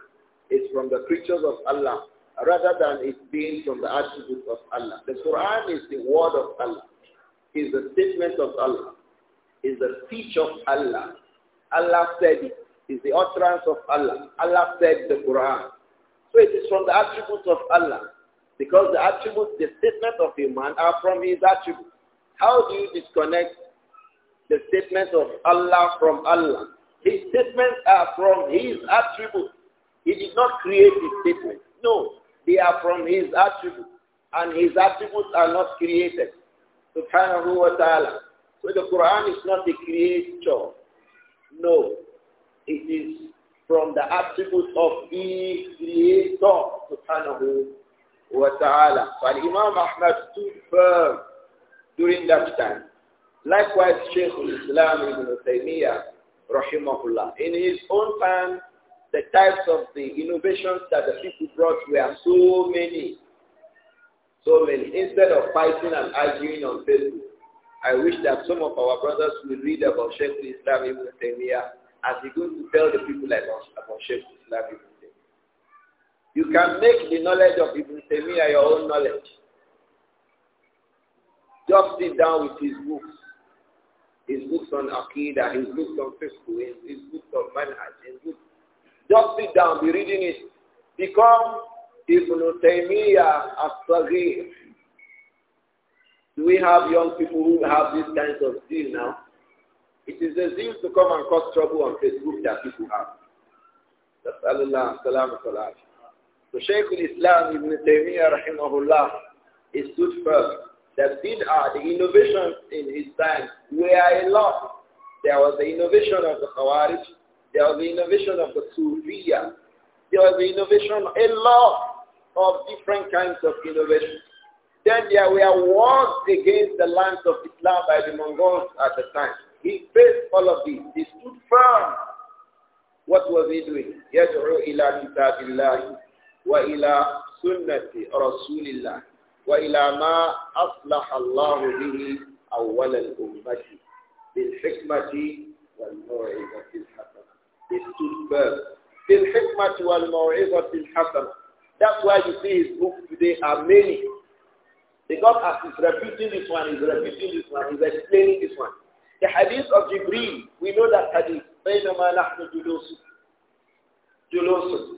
It's from the creatures of Allah rather than it being from the attributes of Allah. The Quran is the word of Allah. is the statement of Allah. is the speech of Allah. Allah said It's the utterance of Allah. Allah said the Quran. So it is from the attributes of Allah. Because the attributes, the statements of a man are from his attributes. How do you disconnect the statements of Allah from Allah? His statements are from his attributes. He did not create his statements. No, they are from his attributes. And his attributes are not created. Subhanahu wa ta'ala. So the Quran is not the creator. No, it is from the attributes of the Creator subhanahu wa ta'ala. So Imam Ahmad stood firm during that time. Likewise, Shaykh al-Islam ibn Taymiyyah, rahimahullah. In his own time, the types of the innovations that the people brought were so many. So many. Instead of fighting and arguing on Facebook, I wish that some of our brothers will read about Shaykh al-Islam ibn Taymiyyah as he goes to tell the people like us about Sheikh Islam You can make the knowledge of Ibn Taymiyyah your own knowledge. Just sit down with his books, his books on Aqidah, his books on Fiqh, his, his books on Manhaj, his books. Just sit down, be reading it. Become Ibn Taymiyyah as-Saghir. Do we have young people who have these kinds of zeal now? It is a zeal to come and cause trouble on Facebook that people have. That's Allah, salam, salam. So Shaykh al-Islam ibn Taymiyyah rahimahullah he stood firm that bid'ah, the innovations in his time were a lot. There was the innovation of the Khawarij, there was the innovation of the Sufiya, there was the innovation, a lot of different kinds of innovations. Then there were wars against the lands of Islam by the Mongols at the time. He faced all of this. He stood firm. What was he doing? يَدْعُو إِلَى كِتَابِ اللَّهِ وَإِلَى سُنَّةِ رَسُولِ اللَّهِ وَإِلَى مَا أَصْلَحَ اللَّهُ بِهِ أَوَّلَ الْأُمَّةِ بِالْحِكْمَةِ وَالْمَوْعِظَةِ الْحَسَنَةِ He stood firm. بِالْحِكْمَةِ وَالْمَوْعِظَةِ الْحَسَنَة That's why you see his books today are many. Because as he's repeating this one, he's repeating this one, he's explaining this one. The hadith of Jibreel, we know that hadith. بينما نحن جلوس جلوس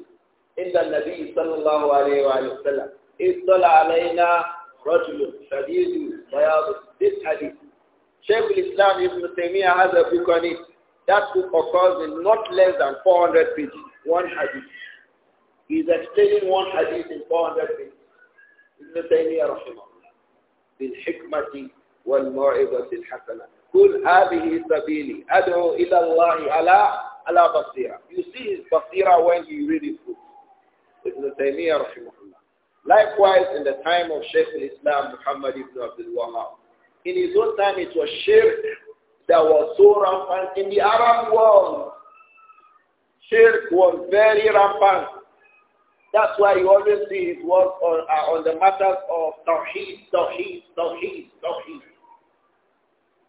عند النبي صلى الله عليه وآله وسلم اطلع علينا رجل شديد بياض This hadith. Shaykh al-Islam Ibn Taymiyyah has a book on it. That book occurs in not less than 400 pages. One hadith. He is explaining one hadith in 400 pages. Ibn Taymiyyah rahimahullah. بالحكمة والموعظة الحسنة قل هذه سبيلي أدعو إلى الله على على بصيرة. You see his basira when you read his book. Likewise, in the time of Sheikh al-Islam Muhammad ibn Abdul Wahab, in his own time it was shirk that was so rampant in the Arab world. Shirk was very rampant. That's why you always see his work on, uh, on the matters of Tawheed, Tawheed, Tawheed, Tawheed.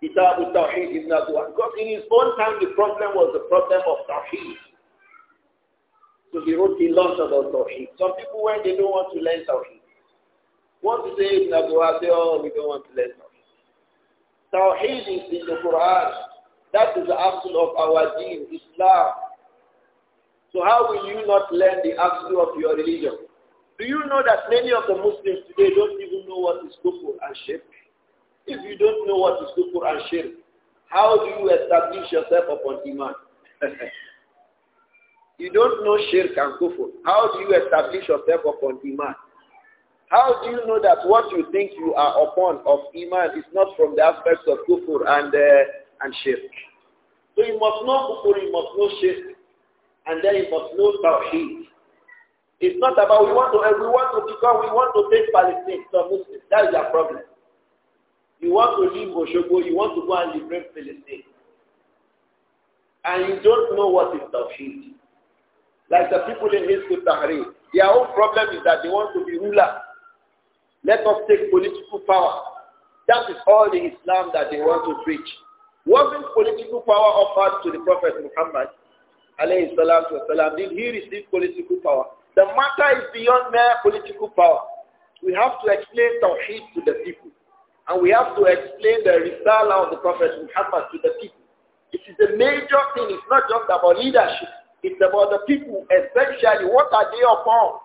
Because in his own time, the problem was the problem of Tawheed. So he wrote a lot about Tawheed. Some people, when they don't want to learn Tawheed, want to say Ibn say, oh, we don't want to learn Tawheed. Tawheed is in the Quran. That is the absolute of our deen, Islam. So how will you not learn the absolute of your religion? Do you know that many of the Muslims today don't even know what is kufr and shirk? If you don't know what is kufr and shirk, how do you establish yourself upon iman? you don't know shirk and kufr. How do you establish yourself upon iman? How do you know that what you think you are upon of iman is not from the aspects of kufr and uh, and shirk? So you must know kufr, you must know shirk, and then you must know tawheed. It's not about we want to we want to become we want to take Palestine. or Muslims. That is our problem. You want to leave Oshogbo, you want to go and liberate Palestine. And you don't know what is Tawheed. Like the people in Hizb Tahrir, their own problem is that they want to be ruler. Let us take political power. That is all the Islam that they want to preach. Wasn't political power offered to the Prophet Muhammad? والسلام, did he receive political power? The matter is beyond mere political power. We have to explain Tawheed to the people. And we have to explain the risala of the Prophet Muhammad to the people. It is a major thing. It's not just about leadership. It's about the people, especially what are they upon.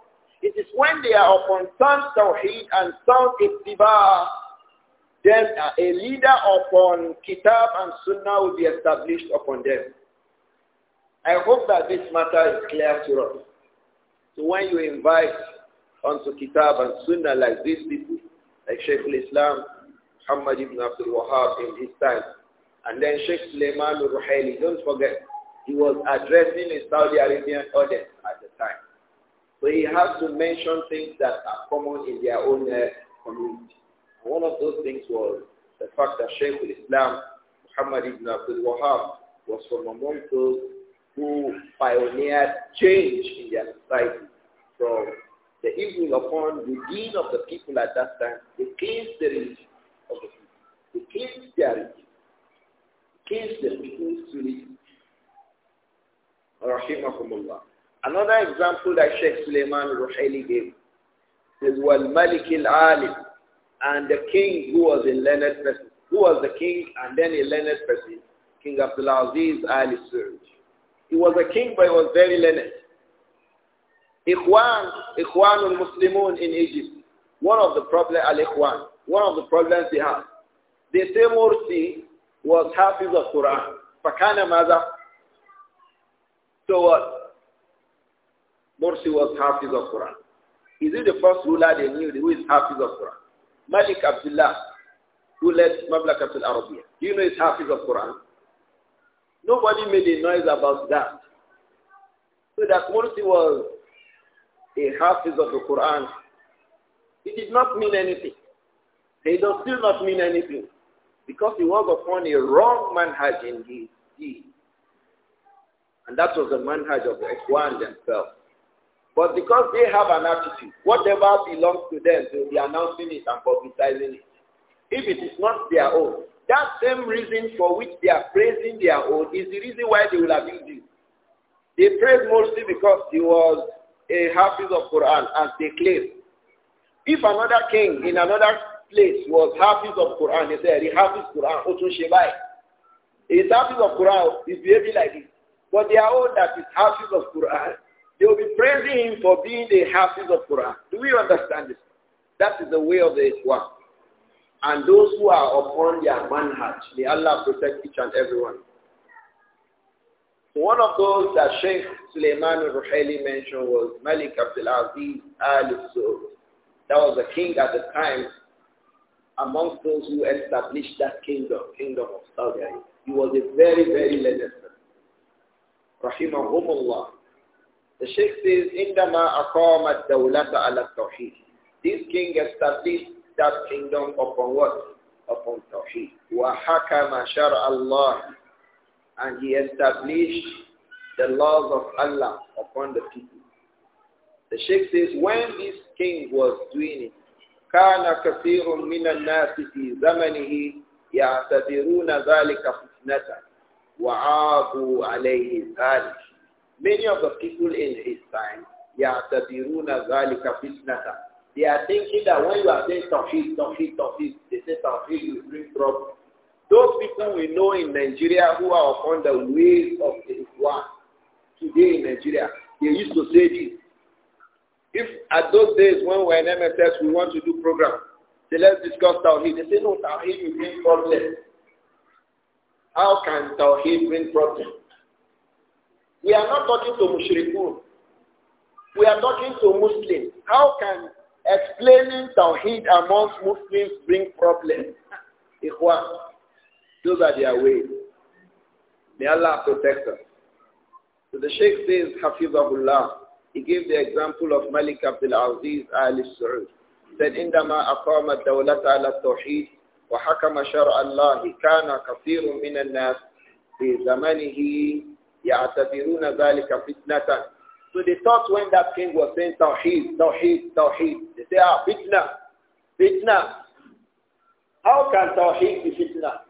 It is when they are upon sound tawheed and sound ittiba, then a leader upon kitab and sunnah will be established upon them. I hope that this matter is clear to us. So when you invite onto kitab and sunnah like these people, like Sheikh al-Islam, Muhammad ibn Abdul Wahab in his time. And then Sheikh Suleiman al-Ruhaili, don't forget, he was addressing a Saudi Arabian audience at the time. So he has to mention things that are common in their own uh, community. And one of those things was the fact that Sheikh al-Islam, Muhammad ibn Abdul Wahab, was from among those who pioneered change in their society from the evil upon the dean of the people at that time, against the religion. He keeps their keeps Another example that Sheikh Suleiman Ruhaili gave is when Malik al ali and the king who was a learned person. Who was the king and then a learned person? King Abdul Aziz Ali Suraj. He was a king but he was very learned. Ikhwan, Ikhwanul Muslimun in Egypt. One of the problems, Al Ikhwan, one of the problems they had. They say Morsi was Hafiz of quran Fakana Maza. So what? Morsi was Hafiz of quran Is it the first ruler they knew who is Hafiz of quran Malik Abdullah, who led Mamlakat al Arabia, Do you know it's Hafiz of quran Nobody made a noise about that. So that Morsi was a Hafiz of the Quran. It did not mean anything. It does still not mean anything. Because he was upon a wrong manhaj in his deed. And that was the manhaj of the Ikhwan themselves. But because they have an attitude, whatever belongs to them, they'll be announcing it and publicizing it. If it is not their own, that same reason for which they are praising their own is the reason why they will abuse you. They praise mostly because he was a hafiz of Quran, as they claim. If another king in another place was Hafiz of Quran. He said, Hafiz Quran, Otun Shebai. His Hafiz of Quran, he's behaving like this. But they are all that is Hafiz of Quran. They will be praising him for being the Hafiz of Quran. Do we understand this? That is the way of the Islam. And those who are upon their manhaj, may Allah protect each and everyone. one. of those that Sheikh Suleiman al-Ruhaili mentioned was Malik Abdul Aziz al-Sur. That was the king at the time amongst those who established that kingdom, kingdom of Saudi Arabia. He was a very, very learned man. Rahimahumullah. The Sheikh says, "Indama أَقَامَتْ دَوْلَةَ ala التَّوْحِيدِ This king established that kingdom upon what? Upon Tawheed. وَحَكَمَ شَرْعَ Allah, And he established the laws of Allah upon the people. The Sheikh says, when this king was doing it, كان كثير من الناس في زمنه يعتبرون ذلك فتنة وعابوا عليه ذلك Many of the people in his time يعتبرون ذلك فتنة They are thinking that when you are saying tawhid, tawhid, tawhid, they say tawhid you bring trouble. Those people we know in Nigeria who are upon the ways of the Islam today in Nigeria, they used to say this. If at those days when we're in MSS, we want to do program, they let's discuss Tawheed. They say, no, Tawheed will bring problems. How can Tawheed bring problems? We are not talking to Mushrikun. We are talking to Muslims. How can explaining Tawheed amongst Muslims bring problems? Ikhwan, those are their ways. May Allah protect us. So the Sheikh says, Hafizahullah, he gave the example of Malik Abdul Aziz Al Saud. Said, عندما أقام الدولة على التوحيد وحكم شرع الله كان كثير من الناس في زمانه يعتبرون ذلك فتنة. So they thought when that king was saying Tawheed, Tawheed, Tawheed, they say, ah, fitna, fitna. How can Tawheed be fitna?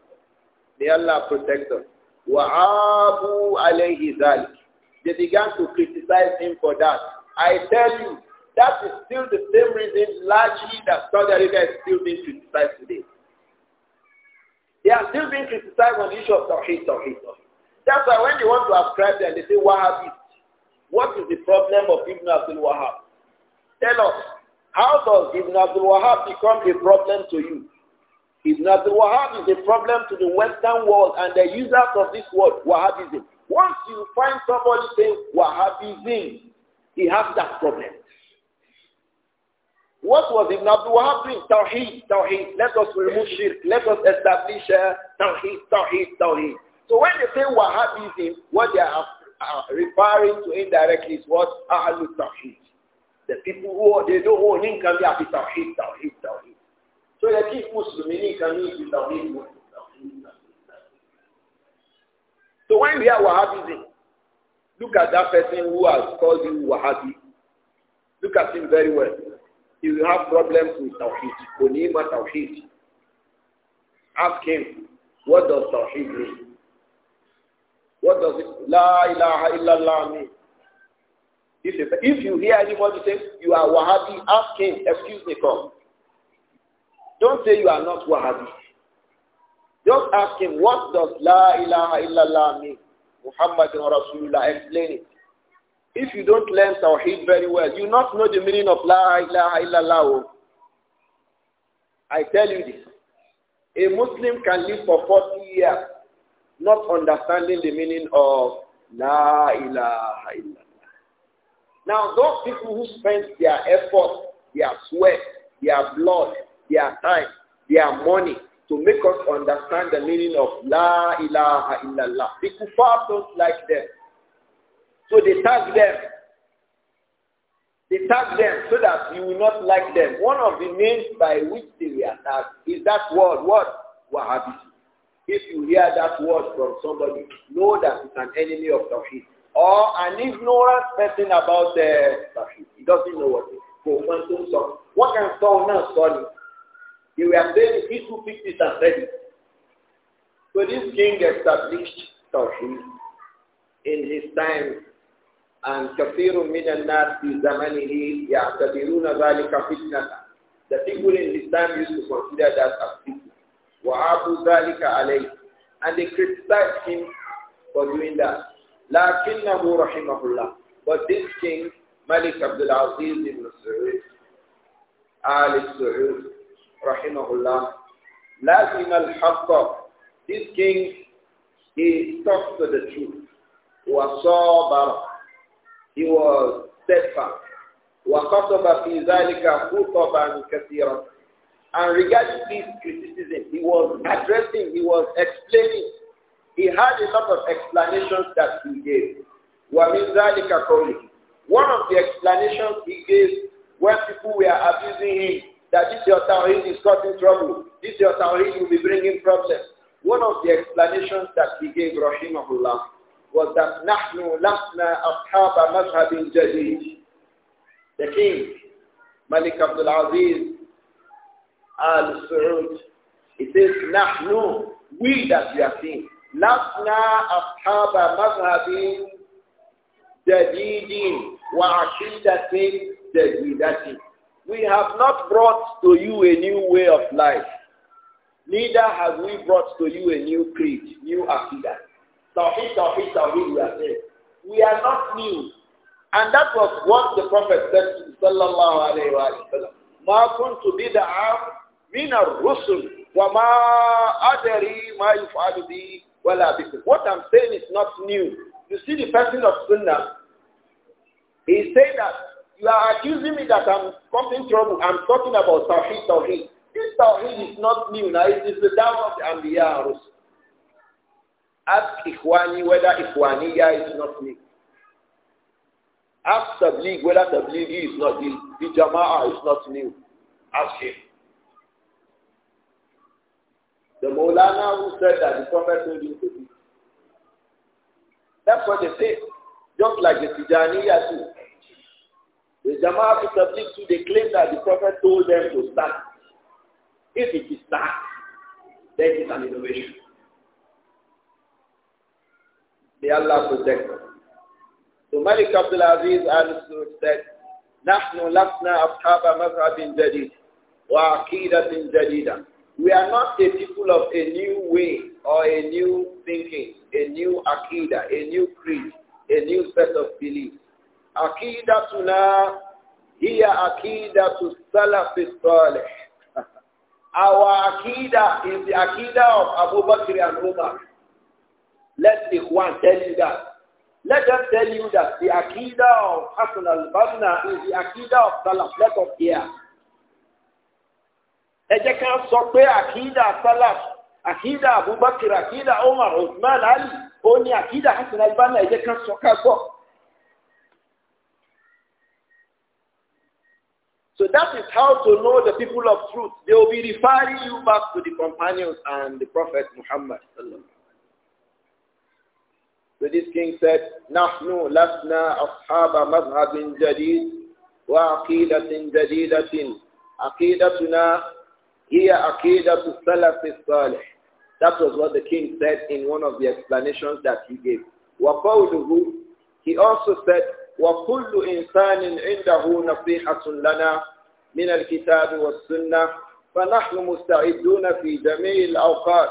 May Allah protect us. وعابوا عليه ذلك they began to criticize him for that. I tell you, that is still the same reason largely that Saudi Arabia is still being criticized today. They are still being criticized on the issue of Tawheed, Tawheed, Tawheed. That's why when they want to ascribe them, they say Wahhabist. What is the problem of Ibn Abdul Wahhab? Tell us, how does Ibn Abdul Wahhab become a problem to you? Ibn Abdul Wahhab is a problem to the Western world and the users of this word Wahhabism. Once you find somebody saying Wahhabism, he has that problem. What was Ibn Abdul Wahab doing? Tawheed, Tawheed. Let us remove shirk. Let us establish uh, Tawheed, Tawheed, Tawheed. So when they say Wahhabism, what they are uh, referring to indirectly is what? Ahlul Tawheed. The people who they don't own him can be Tawheed, Tawheed, Tawheed. So they keep Muslim, meaning can be Tawheed Muslim. So when we are Wahhabism, look at that person who has called you Wahhabi. Look at him very well. He will have problems with Tawheed, Konima Tawheed. Ask him, what does Tawheed mean? What does it, La ilaha illallah mean? If, if you hear anybody say you are Wahhabi, ask him, excuse me, come. Don't say you are not Wahhabi. Just ask him, what does La ilaha illallah mean? Muhammad Rasulullah, explain it. If you don't learn Tawheed very well, you not know the meaning of La ilaha illallah. Oh. I tell you this. A Muslim can live for 40 years not understanding the meaning of La ilaha illallah. Now, those people who spend their effort, their sweat, their blood, their time, their money to make us understand the meaning of La ilaha illallah. The kuffar don't like them. So they tag them. They tag them so that you will not like them. One of the names by which they were tagged is that word, what? Wahhabi. If you hear that word from somebody, know that it's an enemy of Tawheed or an ignorant person about the uh, Tawheed. He doesn't know what it is. What can someone else call it? You were saying he who picked it and read So this king established Tawheed in his time and كثير من الناس في زمنه يعتبرون ذلك فتنة. The people in his time used to consider that as fitna. وعابوا ذلك عليه. And they criticized him for doing that. لكنه رحمه الله. But this king, Malik Abdul Aziz ibn Saud, Ali Saud, rahimahullah, لَازِمَ الْحَقَّ This king, he talked to the truth. وَصَابَرَ He was steadfast. وَقَصَبَ فِي ذَلِكَ خُطَبًا كَثِيرًا And regarding this criticism, he was addressing, he was explaining. He had a lot of explanations that he gave. وَمِنْ ذَلِكَ قَوْلِهِ One of the explanations he gave when people were abusing him that this your tawheed is causing trouble. This your tawheed will be bringing problems. One of the explanations that he gave, rahimahullah, was that نَحْنُ لَحْنَا أَصْحَابَ مَذْهَبٍ جَدِيدٍ The king, Malik Abdul Aziz al Saud. it says, نَحْنُ We that we are seeing. لَحْنَا أَصْحَابَ مَذْهَبٍ جَدِيدٍ وَعَشِدَةٍ جَدِيدَةٍ we have not brought to you a new way of life. Neither have we brought to you a new creed, new akida. Tawheed, we are saying. We are not new. And that was what the Prophet said, sallallahu Alaihi Wasallam. sallam. مَا كُنْتُ بِدَعَا مِنَ الرُّسُلِ وَمَا أَدَرِي مَا يُفْعَلُ بِي وَلَا بِكُمْ What I'm saying is not new. You see the person of Sunnah, he said that you are accusing me that I'm causing trouble. I'm talking about Tawheed, Tawheed. This Tawheed is not new now. It is the down of the Anbiya Ask Ikhwani whether Ikhwaniya is not new. Ask Tabligh whether Tabligh is not new. The Jama'ah is not new. Ask him. The Maulana who said that the Prophet told him to do. That's what they say. Just like the Tijaniya too. The Jama'at Tabligh too, they claim that the Prophet told them to start. If it is that, then it is an innovation. May Allah protect us. So Malik Abdul Aziz al said, نحن لسنا أصحاب مذهب جديد وعقيدة جديدة. We are not a people of a new way or a new thinking, a new akida, a new creed, a new set of beliefs. عقيدتنا هي عقيدة السلف الصالح أو Aqidah is the Aqidah of Abu Bakr and Umar. Let the Quran tell you that. Let them tell you that the Aqidah of Hassan al-Banna is the Aqidah of Salaf. Let us hear. Ẹ jẹ́ ká sọ pé Aqidah Salaf, Aqidah Abu Bakr, Umar, Uthman, Ali, ó ní Aqidah Hassan al ẹ jẹ́ ká sọ ká gbọ́. So that is how to know the people of truth. They will be referring you back to the companions and the Prophet Muhammad. So this king said, نَحْنُ لَسْنَا أَصْحَابَ مَذْهَبٍ جَدِيدٍ وَعَقِيدَةٍ جَدِيدَةٍ عَقِيدَتُنَا هِيَ عَقِيدَةُ السَّلَفِ الصَّالِحِ That was what the king said in one of the explanations that he gave. وَقَوْلُهُ He also said, وَكُلُّ إِنسَانٍ عِنْدَهُ نَصِيحَةٌ لَنَا من الكتاب والسنة فنحن مستعدون في جميع الأوقات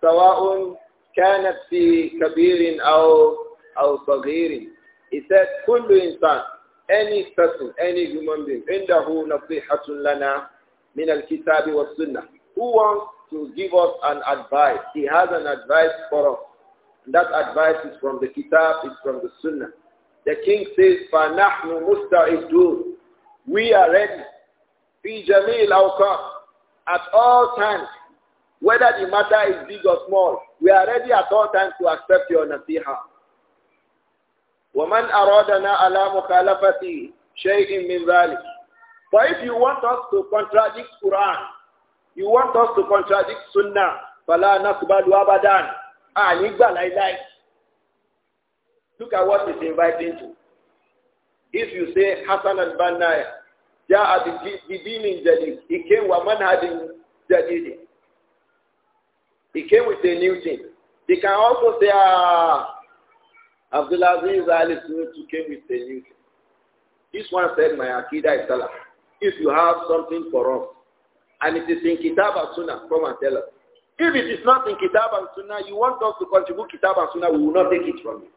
سواء كانت في كبير أو أو صغير He said كل إنسان any person any human being عنده نصيحة لنا من الكتاب والسنة who wants to give us an advice he has an advice for us and that advice is from the kitab is from the sunnah the king says فنحن مستعدون we are ready Fi جميع الأوقات at all times whether the matter is big or small we are ready at all times to accept your nasiha ومن أرادنا على مخالفة شيء من ذلك For if you want us to contradict Quran, you want us to contradict Sunnah, فَلَا نَقْبَلُ أَبَدًا أَنِقْبَلْ ah, أَيْلَيْكِ Look at what it's inviting to. If you say Hassan al-Banna جاء بدين جديد he came man had جديد he came with a new thing they can also say ah Abdullah bin Zali Sunutu came with a new thing this one said my akida is Allah. if you have something for us and it is in kitab and sunnah come and tell us if it is not in kitab and sunnah you want us to contribute kitab and sunnah we will not take it from you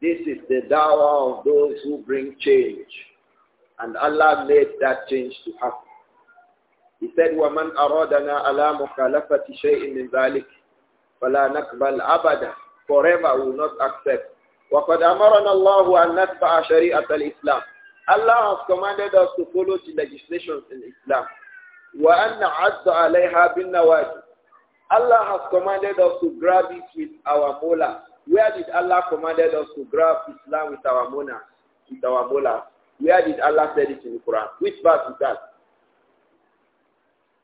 this is the dawah of those who bring change. And Allah made that change to happen. He said, وَمَنْ أَرَادَنَا عَلَى مُخَالَفَةِ شَيْءٍ مِنْ ذَلِكَ فَلَا نَقْبَلْ أَبَدًا Forever will not accept. وَقَدْ أَمَرَنَا اللَّهُ أَنْ نَتْبَعَ شَرِيعَةَ الْإِسْلَامِ Allah has commanded us to follow the legislations in Islam. وَأَنْ نَعَدَّ عَلَيْهَا بِالنَّوَاجِ Allah has commanded us to grab it with our molars. Where did Allah commanded us to grab Islam with our monas, with our mola. Where did Allah said it in the Quran? Which verse is that?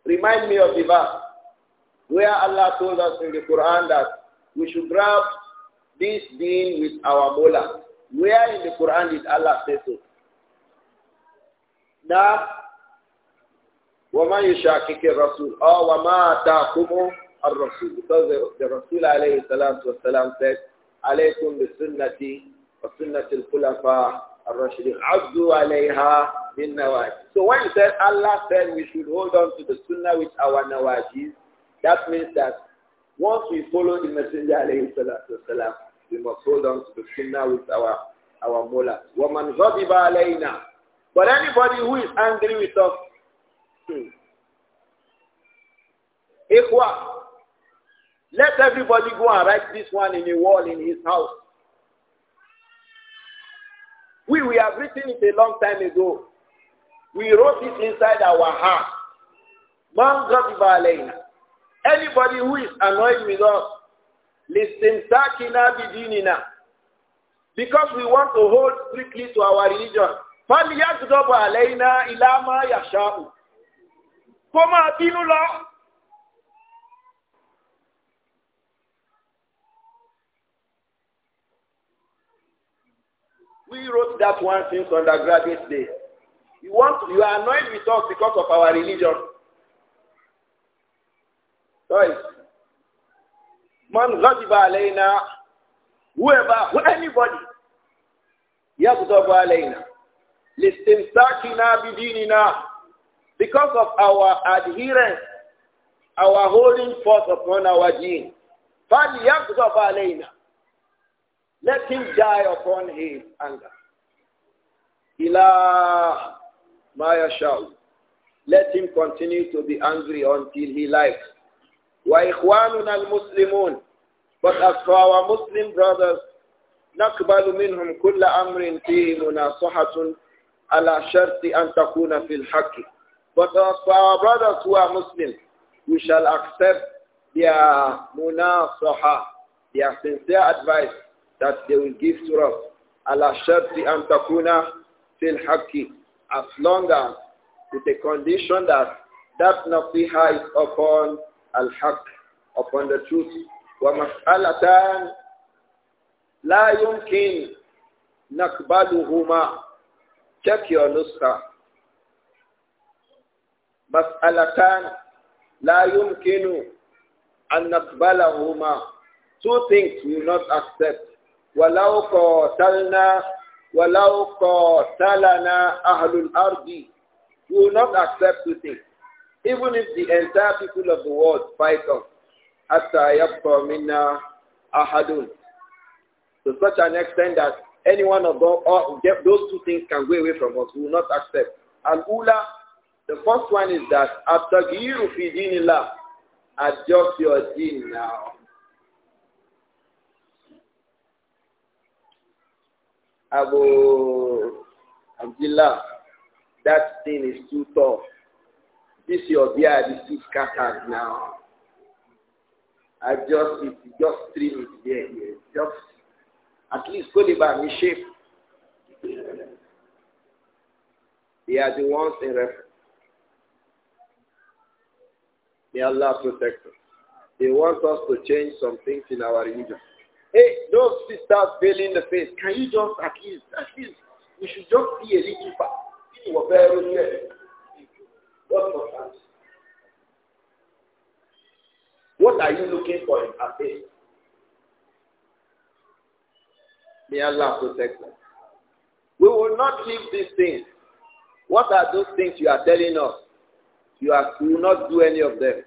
Remind me of the verse where Allah told us in the Quran that we should grab this deen with our mola. Where in the Quran did Allah say so? Now, وَمَنْ يُشَاكِكِ الرَّسُولِ or وَمَا تَعْكُمُ الرَّسُولِ Because the, the Rasul alayhi salam said, عليكم وسنة الخلفاء عبدوا عليها So when he said Allah said we should hold on to the sunnah with our nawajis, that means that once we follow the messenger alayhi salatu wasalam, we must hold on to the sunnah with our our Mullah. وَمَنْ غَضِبَ عَلَيْنَا But anybody who is angry with us, hmm. Let everybody go and write this one in a wall in his house. We, we have written it a long time ago. We wrote it inside our heart. Man Anybody who is annoyed with us, listen sakina bidinina. Because we want to hold strictly to our religion. فَلْيَكْدَبْ عَلَيْنَا We wrote that one since undergraduate day. You want you are annoyed with us because of our religion. Right. Man ghadiba alayna, whoever, anybody, yaghdab alayna. Listimsakina bidinina. Because of our adherence, our holding forth upon our deen. Fal yaghdab alayna. Let him die upon his anger. Ila Maya Shaul. Let him continue to be angry until he likes. Al Muslimun. But as for our Muslim brothers, نقبل منهم كل أمر فيه مناصحة على شرط أن تكون في الحق. But as for our brothers who are Muslims, we shall accept their munasaha, their sincere advice that they will give to us. Ala sharti an takuna fil haqqi. As long as with the condition that that nasiha is upon al-haqq, upon the truth. ومسألتان لا يمكن نقبلهما check your nuskha مسألتان لا يمكن أن huma. two things we will not accept ولو قاتلنا ولو قاتلنا أهل الأرض We will not accept to things. Even if the entire people of the world fight us. After يبقى منا أحد To such an extent that any one of those, those two things can go away from us. We will not accept. Al-Ula, the first one is that after you fi dinillah, adjust your deen now. Abu Abdullah, that thing is too tough. This your beard is too scattered now. I just it, just trim it there, here. Just at least go the me shape. They are the ones in reference. May Allah protect us. They want us to change some things in our religion. Hey, those sisters veiling the face, can you just at least, at least, we should just see a little bit You were very near. What for What are you looking for in a face? May Allah protect us. We will not leave these things. What are those things you are telling us? You, are, you will not do any of them.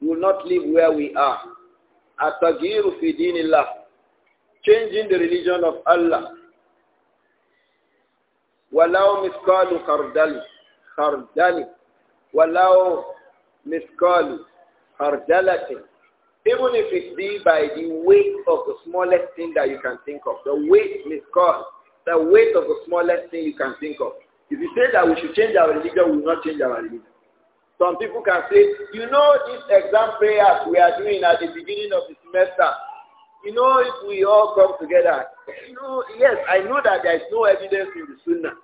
You will not leave where we are. Atagiru fi dinillah. Changing the religion of Allah. Walau miskalu kardali. Kardali. Walau miskalu kardalati. Even if it be by the weight of the smallest thing that you can think of. The weight miskal. The weight of the smallest thing you can think of. If you say that we should change our religion, we will not change our religion. Some people can say, you know, these exam prayers we are doing at the beginning of the semester, you know, if we all come together, you know, yes, I know that there is no evidence in the Sunnah,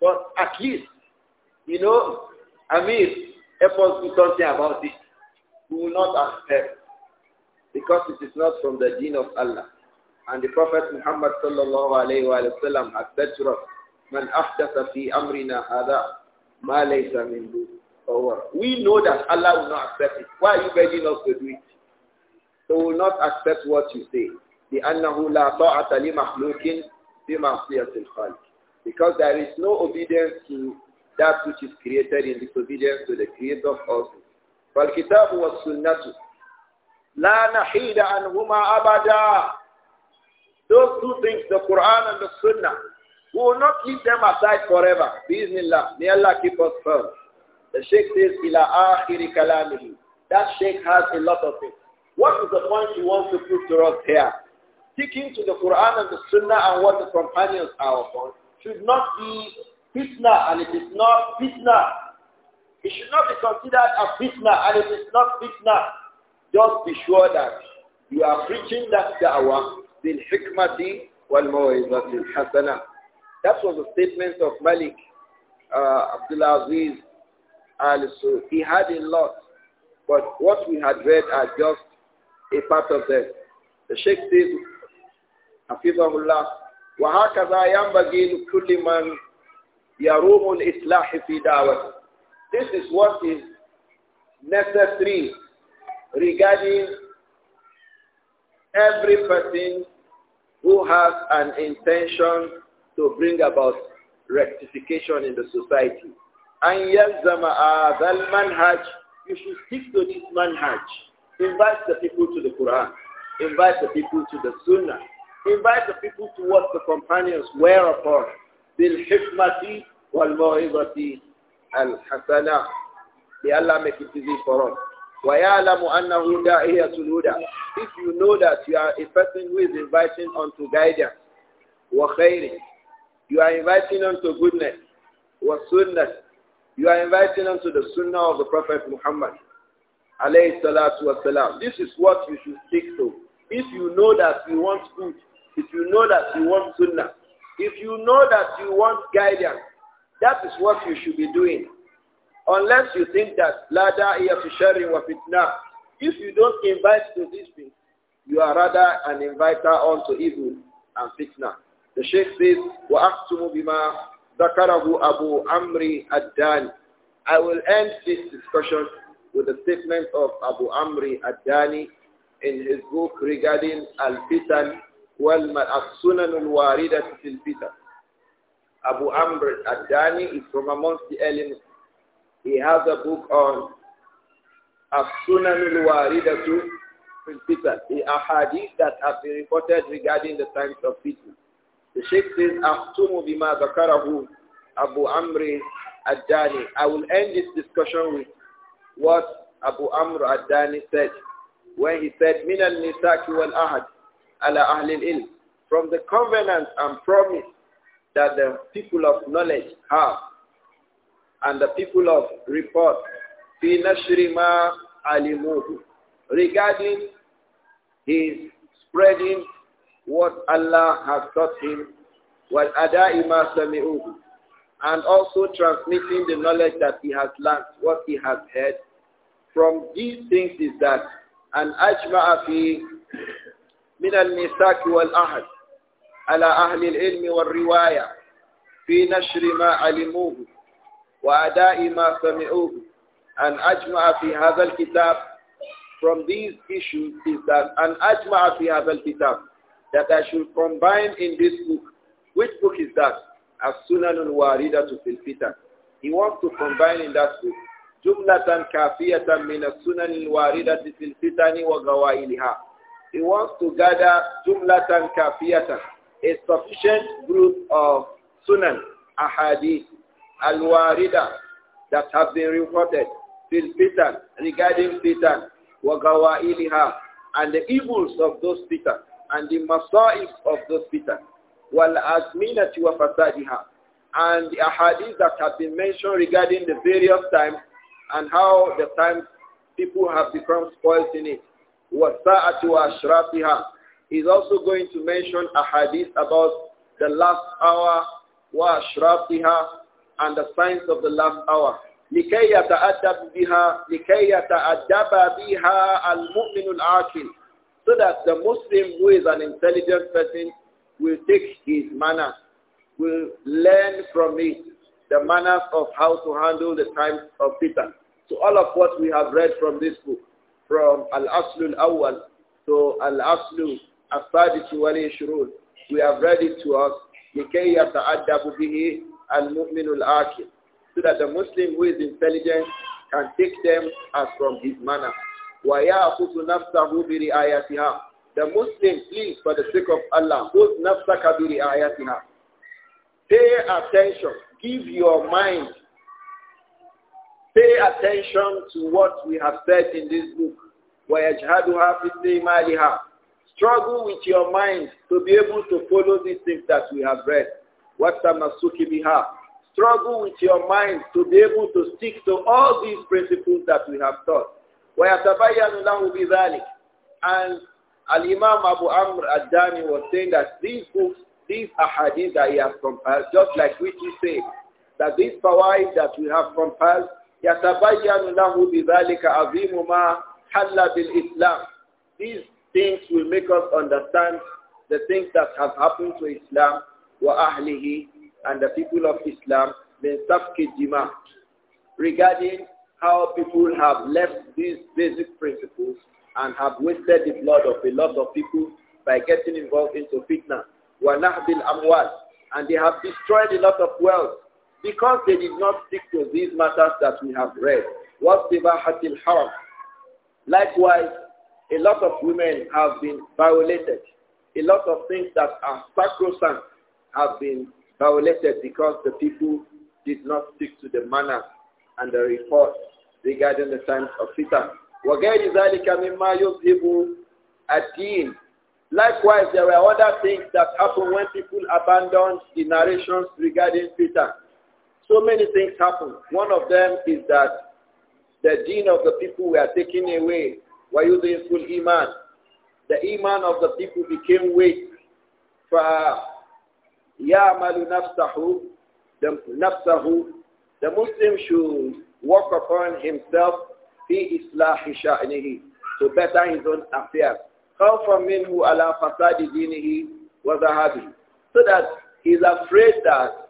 but at least, you know, I mean, help us do something about this. We will not accept because it is not from the deen of Allah. And the Prophet Muhammad sallallahu alayhi wa sallam has said to us, من أحدث في hada, ma ما min منه we know that Allah will not accept it. Why are you begging us to do it? So we will not accept what you say. Because there is no obedience to that which is created in disobedience to the creator of all things. فالكتاب والسنة لا نحيد عنهما أبدا. Those two things, the Quran and the Sunnah, we will not keep them aside forever. Bismillah. May Allah keep us firm. The sheikh says, ila akhiri kalamihi. That sheikh has a lot of it. What is the point he wants to put to us here? Sticking to the Quran and the Sunnah and what the companions are upon should not be fitna, and it is not fitna. It should not be considered a fitna, and it is not fitna. Just be sure that you are preaching that da'wah bil hikmati wal mawizatil hasana. That was a statement of Malik uh, Abdul Aziz and so He had a lot, but what we had read are just a part of them. The Sheikh says, Hafizahullah, وَهَكَذَا يَنْبَغِي لِكُلِّ مَنْ يَرُومُ الْإِصْلَاحِ فِي دَعْوَةِ This is what is necessary regarding every person who has an intention to bring about rectification in the society. أن يلزم هذا المنهج You should stick to this manhaj. Invite the people to the Quran. Invite the people to the Sunnah. Invite the people to what the companions were upon. بالحكمة والموعظة الحسنة. May Allah make it easy for us. وَيَعْلَمُ أَنَّهُ دَاعِيَةُ الْهُدَى If you know that you are a person who is inviting unto guidance, وَخَيْرٍ You are inviting unto goodness, وَسُنَّةٍ you are inviting them to the sunnah of the Prophet Muhammad. This is what you should stick to. If you know that you want good, if you know that you want sunnah, if you know that you want guidance, that is what you should be doing. Unless you think that la da'iya fi sharrin wa fitna. If you don't invite to these things, you are rather an inviter unto evil and fitna. The Sheikh says, وَأَخْتُمُ بِمَا ذكره أبو عمري الداني I will end this discussion with the statement of Abu Amri Ad-Dani in his book regarding Al-Fitan wal-Sunan al-Waridat Abu Amr Ad-Dani is from amongst the elements. He has a book on As-Sunan al-Waridat fil-Fitan, the ahadith that have been reported regarding the times of fitna. The Sheikh says, أختم بما zakarahu Abu Amr Ad-Dani. I will end this discussion with what Abu Amr Ad-Dani said when he said, من wal-ahad ala أهل العلم. From the covenant and promise that the people of knowledge have and the people of report fi نشر ما regarding his spreading what Allah has taught him while Ada'i Masami'uhu and also transmitting the knowledge that he has learnt, what he has heard. From these things is that an ajma'a fi min al-misak wal-ahad ala ahli al-ilm wal-riwaya fi nashr ma alimuhu wa ada'i ma sami'uhu an ajma'a fi al-kitab from these issues is that an ajma'a fi al-kitab that I should combine in this book. Which book is that? As-Sunan al-Waridatu to Fitan. He wants to combine in that book. Jumlatan kafiyatan min as-Sunan al-Waridati fil Fitani wa gawailiha. He wants to gather jumlatan kafiyatan, a sufficient group of sunan, ahadith, al-warida, that have been reported, fil fitan, regarding fitan, wa gawailiha, and the evils of those fitan and the masa'ib of those fitan, wal-azminati wa fasadiha, and the ahadith that have been mentioned regarding the various times and how the times people have become spoiled in it. وَالسَّاعَةُ وَأَشْرَافِهَا is also going to mention ahadith about the last hour, وَأَشْرَافِهَا, and the signs of the last hour. لكي يتأدب بها لكي يتأدب بها المؤمن العاقل so that the Muslim who is an intelligent person will take his manners, will learn from it the manners of how to handle the times of Peter. So all of what we have read from this book, from Al-Aslul Awwal to Al-Aslu As-Sadiq Wali Shurul, we have read it to us, لِكَيْ يَتَعَدَّبُ بِهِ الْمُؤْمِنُ الْآكِلِ So that the Muslim who is intelligent can take them as from his manner. وَيَأْخُذُ نَفْسَهُ بِرِعَايَتِهَا The Muslim, please, for the sake of Allah, خُذْ نَفْسَكَ بِرِعَايَتِهَا Pay attention. Give your mind. Pay attention to what we have said in this book. وَيَجْهَدُهَا فِي استِعْمَالِهَا Struggle with your mind to be able to follow these things that we have read. وَالتَّمَسُّكِ بِهَا Struggle with your mind to be able to stick to all these principles that we have taught. وَيَتَبَيَّنُ لَهُ بِذَلِكَ And Al-Imam Abu Amr ad dani was saying that these books, these ahadith that he has compiled, just like which he said, that these fawaid that we have compiled, يَتَبَيَّنُ لَهُ بِذَلِكَ عَظِيمُ مَا حَلَّ بِالْإِسْلَامِ These things will make us understand the things that have happened to Islam, وَأَهْلِهِ and the people of Islam, مِنْ سَفْكِ الدِّمَاءِ regarding how people have left these basic principles and have wasted the blood of a lot of people by getting involved into fitna. وَنَحْبِ amwal, And they have destroyed a lot of wealth because they did not stick to these matters that we have read. in haram. Likewise, a lot of women have been violated. A lot of things that are sacrosanct have been violated because the people did not stick to the manners and the report regarding the times of fitan. وَغَيْرِ ذَلِكَ مِمَّا يُذْهِبُ الدِّينَ Likewise, there were other things that happened when people abandoned the narrations regarding fitan. So many things happened. One of them is that the deen of the people were taken away. full iman. The iman of the people became weak. فَيَعْمَلُ نَفْسَهُ نَفْسَهُ the Muslim should work upon himself في إصلاح شأنه to better his own affairs. from who منه على فساد دينه وذهابه so that he's afraid that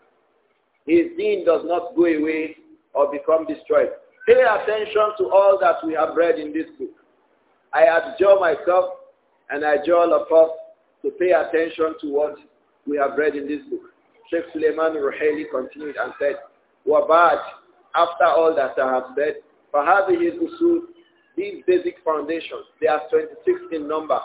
his deen does not go away or become destroyed. Pay attention to all that we have read in this book. I adjure myself and I adjure all of us to pay attention to what we have read in this book. Sheikh Suleiman Ruhaili continued and said, وَبَعْدْ After all that I have said, فَهَذِهِ الْأُسُولِ These basic foundations, they are 26 in number.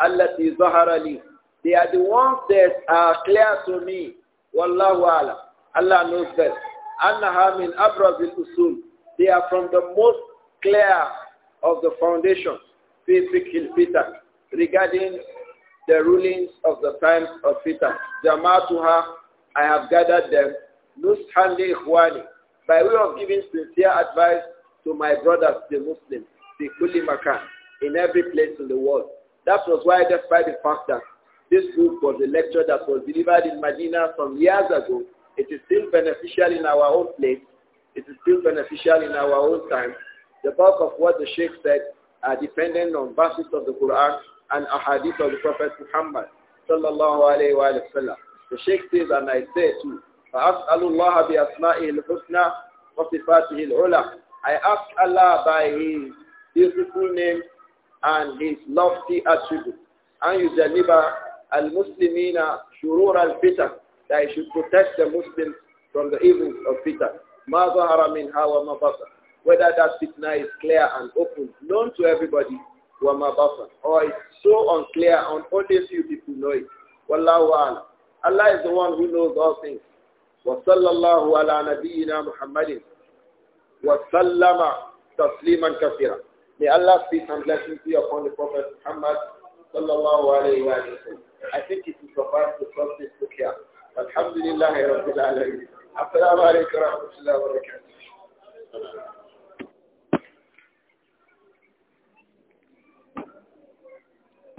الَّتِي ظَهَرَ لِي They are the ones that are clear to me. وَاللَّهُ أَعْلَمُ Allah knows best. أَنَّهَا مِنْ أَبْرَزِ الْأُسُولِ They are from the most clear of the foundations. فِي فِكْهِ الْفِتَنِ Regarding the rulings of the times of Peter. Jama'atuha, I have gathered them Nushan By way of giving sincere advice to my brothers, the Muslims, the kulli makan, in every place in the world. That was why, despite the fact that this book was a lecture that was delivered in Medina some years ago, it is still beneficial in our own place. It is still beneficial in our own time. The bulk of what the Sheikh said are dependent on verses of the Quran and ahadith of the Prophet Muhammad sallallahu alayhi wa sallam. The Sheikh says, and I say too, فأسأل الله بأسمائه الحسنى وصفاته العلى I ask Allah by His beautiful name and His lofty attributes أن يجنب المسلمين شرور الفتن that He should protect the Muslims from the evils of fitan ما ظهر منها وما بطن whether that fitna is clear and open known to everybody وما بطن or it's so unclear and only few people know it والله أعلم Allah is the one who knows all things وصلى الله على نبينا محمد وسلم تسليما كثيرا May Allah peace and blessings be upon the Prophet Muhammad sallallahu alayhi wa sallam. I think it will suffice to stop this book here. Alhamdulillah Rabbil Alameen. Assalamu alaikum wa rahmatullahi wa barakatuh.